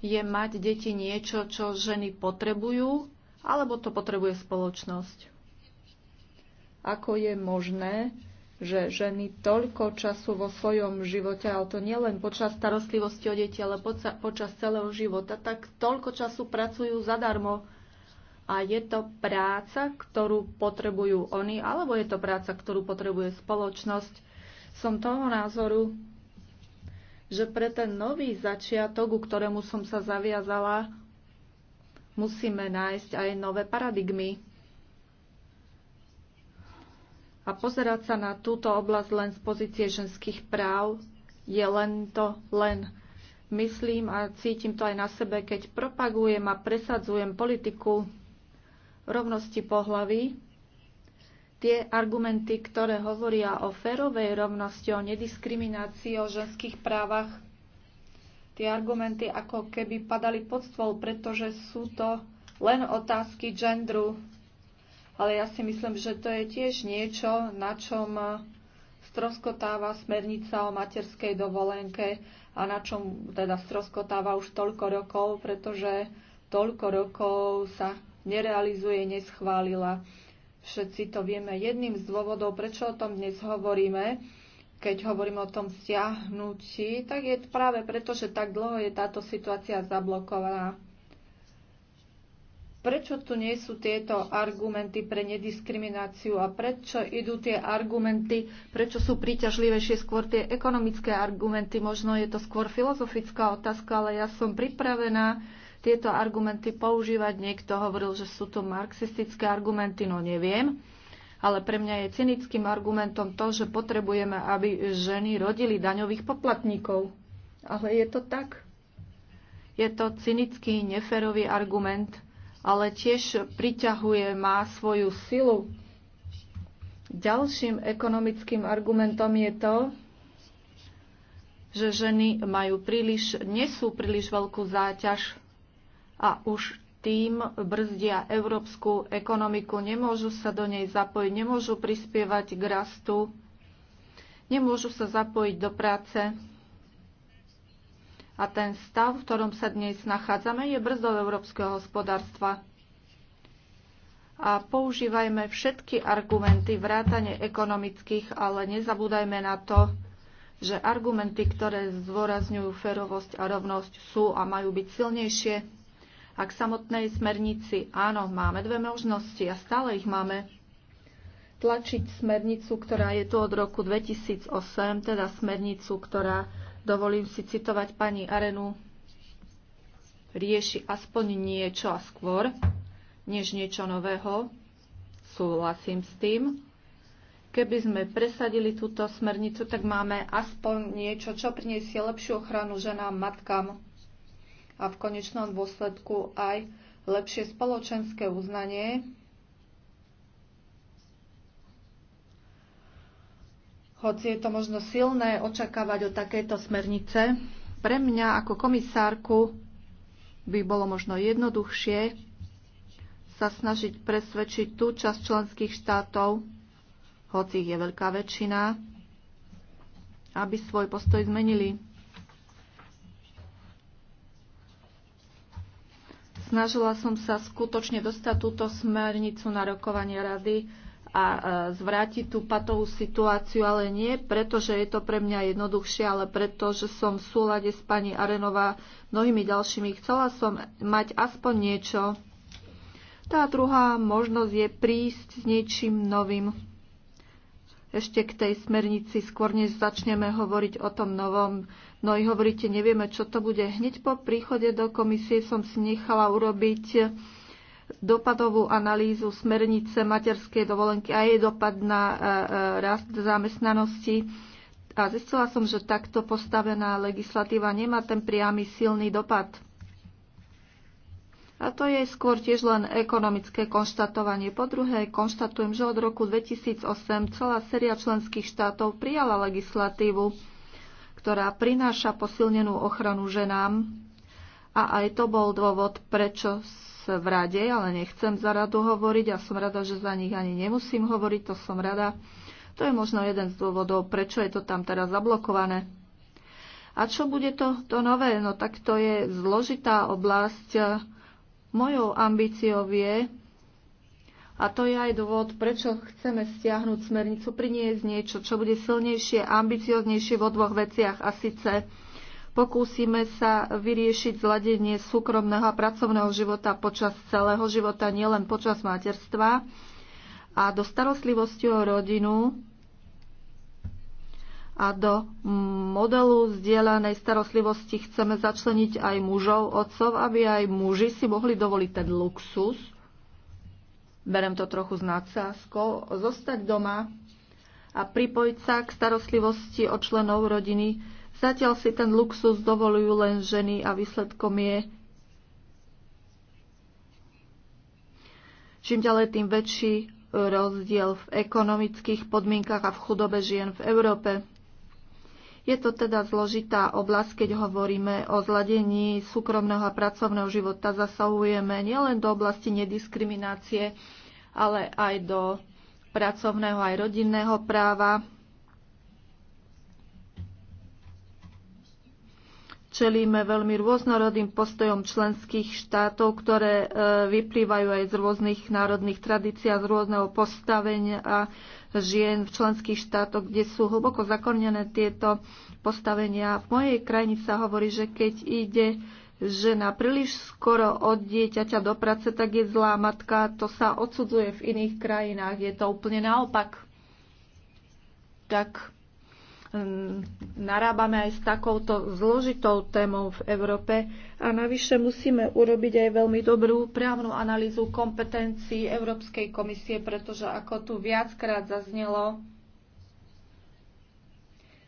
Je mať deti niečo, čo ženy potrebujú, alebo to potrebuje spoločnosť? Ako je možné, že ženy toľko času vo svojom živote, ale to nielen počas starostlivosti o deti, ale počas celého života, tak toľko času pracujú zadarmo. A je to práca, ktorú potrebujú oni, alebo je to práca, ktorú potrebuje spoločnosť. Som toho názoru, že pre ten nový začiatok, ku ktorému som sa zaviazala, musíme nájsť aj nové paradigmy a pozerať sa na túto oblasť len z pozície ženských práv je len to len. Myslím a cítim to aj na sebe, keď propagujem a presadzujem politiku rovnosti pohlaví. Tie argumenty, ktoré hovoria o férovej rovnosti, o nediskriminácii, o ženských právach, tie argumenty ako keby padali pod stôl, pretože sú to len otázky gendru. Ale ja si myslím, že to je tiež niečo, na čom stroskotáva smernica o materskej dovolenke a na čom teda stroskotáva už toľko rokov, pretože toľko rokov sa nerealizuje, neschválila. Všetci to vieme. Jedným z dôvodov, prečo o tom dnes hovoríme, keď hovorím o tom stiahnutí, tak je práve preto, že tak dlho je táto situácia zablokovaná. Prečo tu nie sú tieto argumenty pre nediskrimináciu a prečo idú tie argumenty, prečo sú príťažlivejšie skôr tie ekonomické argumenty? Možno je to skôr filozofická otázka, ale ja som pripravená tieto argumenty používať. Niekto hovoril, že sú to marxistické argumenty, no neviem. Ale pre mňa je cynickým argumentom to, že potrebujeme, aby ženy rodili daňových poplatníkov. Ale je to tak. Je to cynický, neferový argument, ale tiež priťahuje, má svoju silu. Ďalším ekonomickým argumentom je to, že ženy majú príliš, nesú príliš veľkú záťaž a už tým brzdia európsku ekonomiku, nemôžu sa do nej zapojiť, nemôžu prispievať k rastu, nemôžu sa zapojiť do práce. A ten stav, v ktorom sa dnes nachádzame, je brzdou európskeho hospodárstva. A používajme všetky argumenty, vrátane ekonomických, ale nezabúdajme na to, že argumenty, ktoré zdôrazňujú ferovosť a rovnosť, sú a majú byť silnejšie. A k samotnej smernici, áno, máme dve možnosti a stále ich máme. Tlačiť smernicu, ktorá je tu od roku 2008, teda smernicu, ktorá, dovolím si citovať pani Arenu, rieši aspoň niečo a skôr, než niečo nového. Súhlasím s tým. Keby sme presadili túto smernicu, tak máme aspoň niečo, čo priniesie lepšiu ochranu ženám, matkám, a v konečnom dôsledku aj lepšie spoločenské uznanie Hoci je to možno silné očakávať od takéto smernice, pre mňa ako komisárku by bolo možno jednoduchšie sa snažiť presvedčiť tú časť členských štátov, hoci ich je veľká väčšina, aby svoj postoj zmenili. Snažila som sa skutočne dostať túto smernicu na rokovanie rady a e, zvrátiť tú patovú situáciu, ale nie preto, že je to pre mňa jednoduchšie, ale preto, že som v súlade s pani Arenová mnohými ďalšími. Chcela som mať aspoň niečo. Tá druhá možnosť je prísť s niečím novým ešte k tej smernici, skôr než začneme hovoriť o tom novom. No i hovoríte, nevieme, čo to bude. Hneď po príchode do komisie som si nechala urobiť dopadovú analýzu smernice materskej dovolenky a jej dopad na e, e, rast zamestnanosti. A zistila som, že takto postavená legislatíva nemá ten priamy silný dopad a to je skôr tiež len ekonomické konštatovanie. Po druhé, konštatujem, že od roku 2008 celá séria členských štátov prijala legislatívu, ktorá prináša posilnenú ochranu ženám. A aj to bol dôvod, prečo v rade, ale nechcem za radu hovoriť a som rada, že za nich ani nemusím hovoriť, to som rada. To je možno jeden z dôvodov, prečo je to tam teraz zablokované. A čo bude to, to nové? No tak to je zložitá oblasť Mojou ambíciou je, a to je aj dôvod, prečo chceme stiahnuť smernicu, priniesť niečo, čo bude silnejšie, ambicioznejšie vo dvoch veciach. A síce pokúsime sa vyriešiť zladenie súkromného a pracovného života počas celého života, nielen počas materstva. A do starostlivosti o rodinu a do modelu zdieľanej starostlivosti chceme začleniť aj mužov, otcov, aby aj muži si mohli dovoliť ten luxus, berem to trochu s nadsázkou, zostať doma a pripojiť sa k starostlivosti o členov rodiny. Zatiaľ si ten luxus dovolujú len ženy a výsledkom je čím ďalej tým väčší rozdiel v ekonomických podmienkach a v chudobe žien v Európe. Je to teda zložitá oblasť, keď hovoríme o zladení súkromného a pracovného života. Zasahujeme nielen do oblasti nediskriminácie, ale aj do pracovného aj rodinného práva. Čelíme veľmi rôznorodým postojom členských štátov, ktoré e, vyplývajú aj z rôznych národných tradícií a z rôzneho postavenia a žien v členských štátoch, kde sú hlboko zakornené tieto postavenia. V mojej krajine sa hovorí, že keď ide žena príliš skoro od dieťaťa do práce, tak je zlá matka. To sa odsudzuje v iných krajinách. Je to úplne naopak. Tak Mm, narábame aj s takouto zložitou témou v Európe a navyše musíme urobiť aj veľmi dobrú právnu analýzu kompetencií Európskej komisie, pretože ako tu viackrát zaznelo,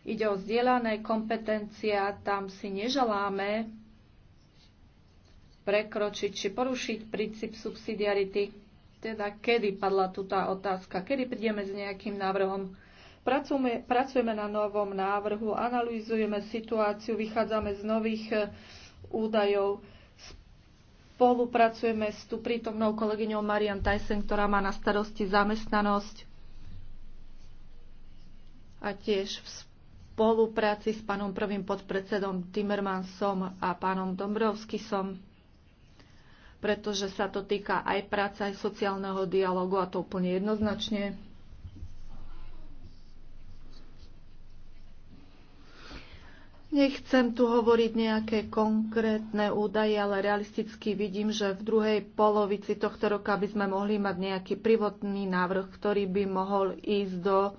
ide o zdieľané kompetencie a tam si neželáme prekročiť či porušiť princíp subsidiarity. Teda kedy padla tu tá otázka, kedy prídeme s nejakým návrhom Pracujeme, pracujeme na novom návrhu, analýzujeme situáciu, vychádzame z nových e, údajov, spolupracujeme s tu prítomnou kolegyňou Marian Tyson, ktorá má na starosti zamestnanosť a tiež v spolupráci s pánom prvým podpredsedom Timmermansom a pánom Dombrovskisom, pretože sa to týka aj práce, aj sociálneho dialogu a to úplne jednoznačne. Nechcem tu hovoriť nejaké konkrétne údaje, ale realisticky vidím, že v druhej polovici tohto roka by sme mohli mať nejaký privotný návrh, ktorý by mohol ísť do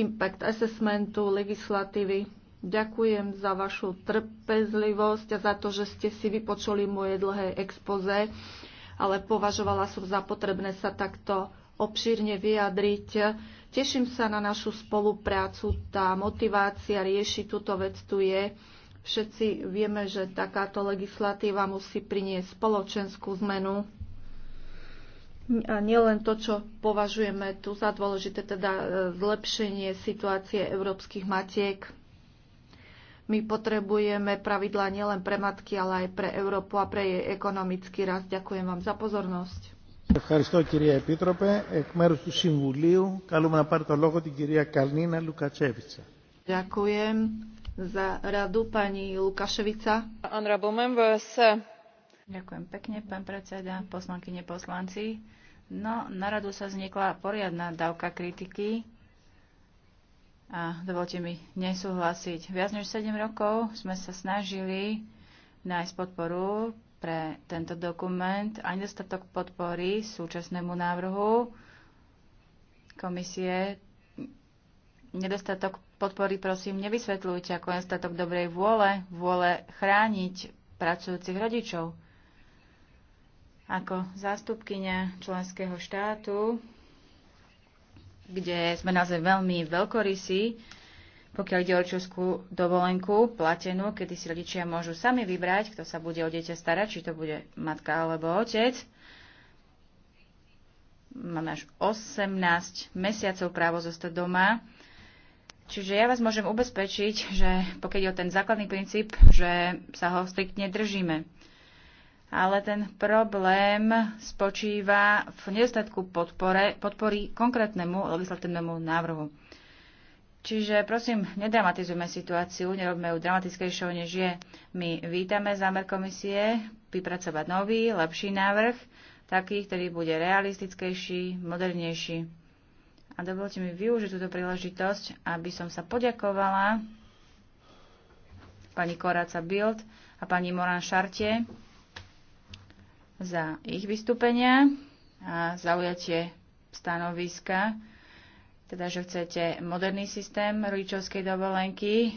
impact assessmentu, legislatívy. Ďakujem za vašu trpezlivosť a za to, že ste si vypočuli moje dlhé expoze, ale považovala som za potrebné sa takto obšírne vyjadriť Teším sa na našu spoluprácu. Tá motivácia riešiť túto vec tu je. Všetci vieme, že takáto legislatíva musí priniesť spoločenskú zmenu. A nielen to, čo považujeme tu za dôležité, teda e, zlepšenie situácie európskych matiek. My potrebujeme pravidlá nielen pre matky, ale aj pre Európu a pre jej ekonomický rast. Ďakujem vám za pozornosť. Ευχαριστώ Επίτροπε. Εκ μέρους του Συμβουλίου καλούμε να πάρει το λόγο την κυρία Καλνίνα Λουκατσέβιτσα. Ďakujem za radu pani Lukaševica. Ďakujem pekne, pán predseda, poslankyne, poslanci. No, na radu sa vznikla poriadna dávka kritiky a dovolte mi nesúhlasiť. Viac než 7 rokov sme sa snažili nájsť podporu pre tento dokument a nedostatok podpory súčasnému návrhu komisie. Nedostatok podpory prosím nevysvetľujte ako nedostatok dobrej vôle, vôle chrániť pracujúcich rodičov. Ako zástupkynia členského štátu, kde sme naozaj veľmi veľkorysí, pokiaľ ide o rodičovskú dovolenku platenú, kedy si rodičia môžu sami vybrať, kto sa bude o dieťa starať, či to bude matka alebo otec, máme až 18 mesiacov právo zostať doma. Čiže ja vás môžem ubezpečiť, že pokiaľ je o ten základný princíp, že sa ho striktne držíme. Ale ten problém spočíva v nedostatku podpore, podpory konkrétnemu legislatívnemu návrhu. Čiže prosím, nedramatizujme situáciu, nerobme ju dramatickejšou, než je. My vítame zámer komisie vypracovať nový, lepší návrh, taký, ktorý bude realistickejší, modernejší. A dovolte mi využiť túto príležitosť, aby som sa poďakovala pani Koráca Bild a pani Moran Šarte za ich vystúpenia a zaujatie stanoviska teda, že chcete moderný systém rodičovskej dovolenky,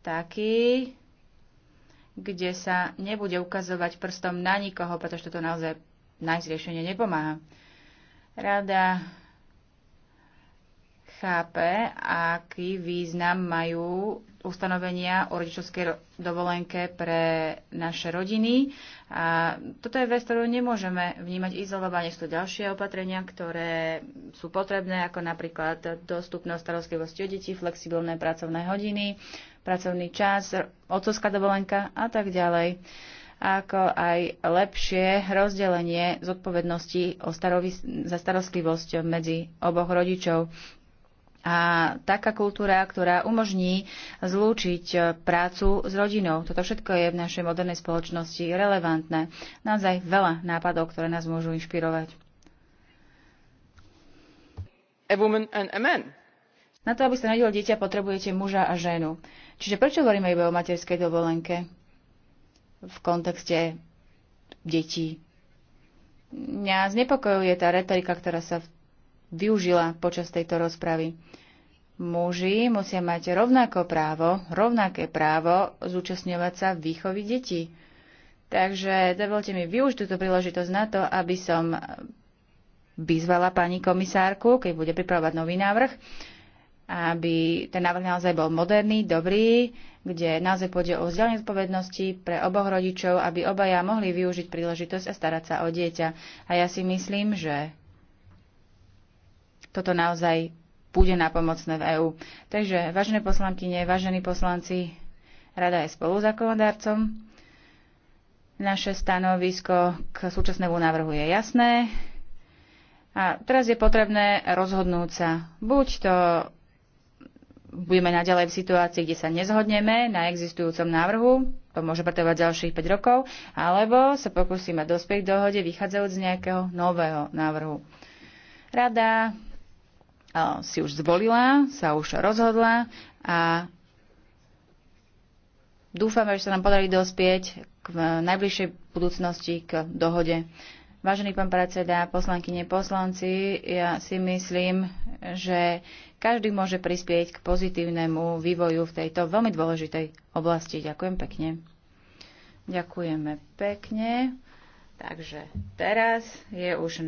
taký, kde sa nebude ukazovať prstom na nikoho, pretože toto naozaj nájsť riešenie nepomáha. Rada chápe, aký význam majú ustanovenia o rodičovskej dovolenke pre naše rodiny. A toto je vec, ktorú nemôžeme vnímať izolovanie. Sú to ďalšie opatrenia, ktoré sú potrebné, ako napríklad dostupnosť starostlivosti o deti, flexibilné pracovné hodiny, pracovný čas, otcovská dovolenka a tak ďalej ako aj lepšie rozdelenie zodpovednosti o starovi, za starostlivosť medzi oboch rodičov a taká kultúra, ktorá umožní zlúčiť e, prácu s rodinou. Toto všetko je v našej modernej spoločnosti relevantné. Naozaj veľa nápadov, ktoré nás môžu inšpirovať. A woman and a man. Na to, aby sa narodilo dieťa, potrebujete muža a ženu. Čiže prečo hovoríme iba o materskej dovolenke v kontexte detí? Mňa znepokojuje tá retorika, ktorá sa v využila počas tejto rozpravy. Muži musia mať rovnako právo, rovnaké právo zúčastňovať sa výchovy detí. Takže dovolte mi využiť túto príležitosť na to, aby som vyzvala pani komisárku, keď bude pripravovať nový návrh, aby ten návrh naozaj bol moderný, dobrý, kde naozaj pôjde o vzdialenie zodpovednosti pre oboch rodičov, aby obaja mohli využiť príležitosť a starať sa o dieťa. A ja si myslím, že toto naozaj bude napomocné v EÚ. Takže, vážené poslankyne, vážení poslanci, rada je spoluzakonodárcom. Naše stanovisko k súčasnému návrhu je jasné. A teraz je potrebné rozhodnúť sa. Buď to budeme naďalej v situácii, kde sa nezhodneme na existujúcom návrhu, to môže pretrvať ďalších 5 rokov, alebo sa pokúsime dospieť k dohode vychádzajúc z nejakého nového návrhu. Rada si už zvolila, sa už rozhodla a dúfame, že sa nám podarí dospieť k najbližšej budúcnosti k dohode. Vážený pán predseda, poslankyne, poslanci, ja si myslím, že každý môže prispieť k pozitívnemu vývoju v tejto veľmi dôležitej oblasti. Ďakujem pekne. Ďakujeme pekne. Takže teraz je už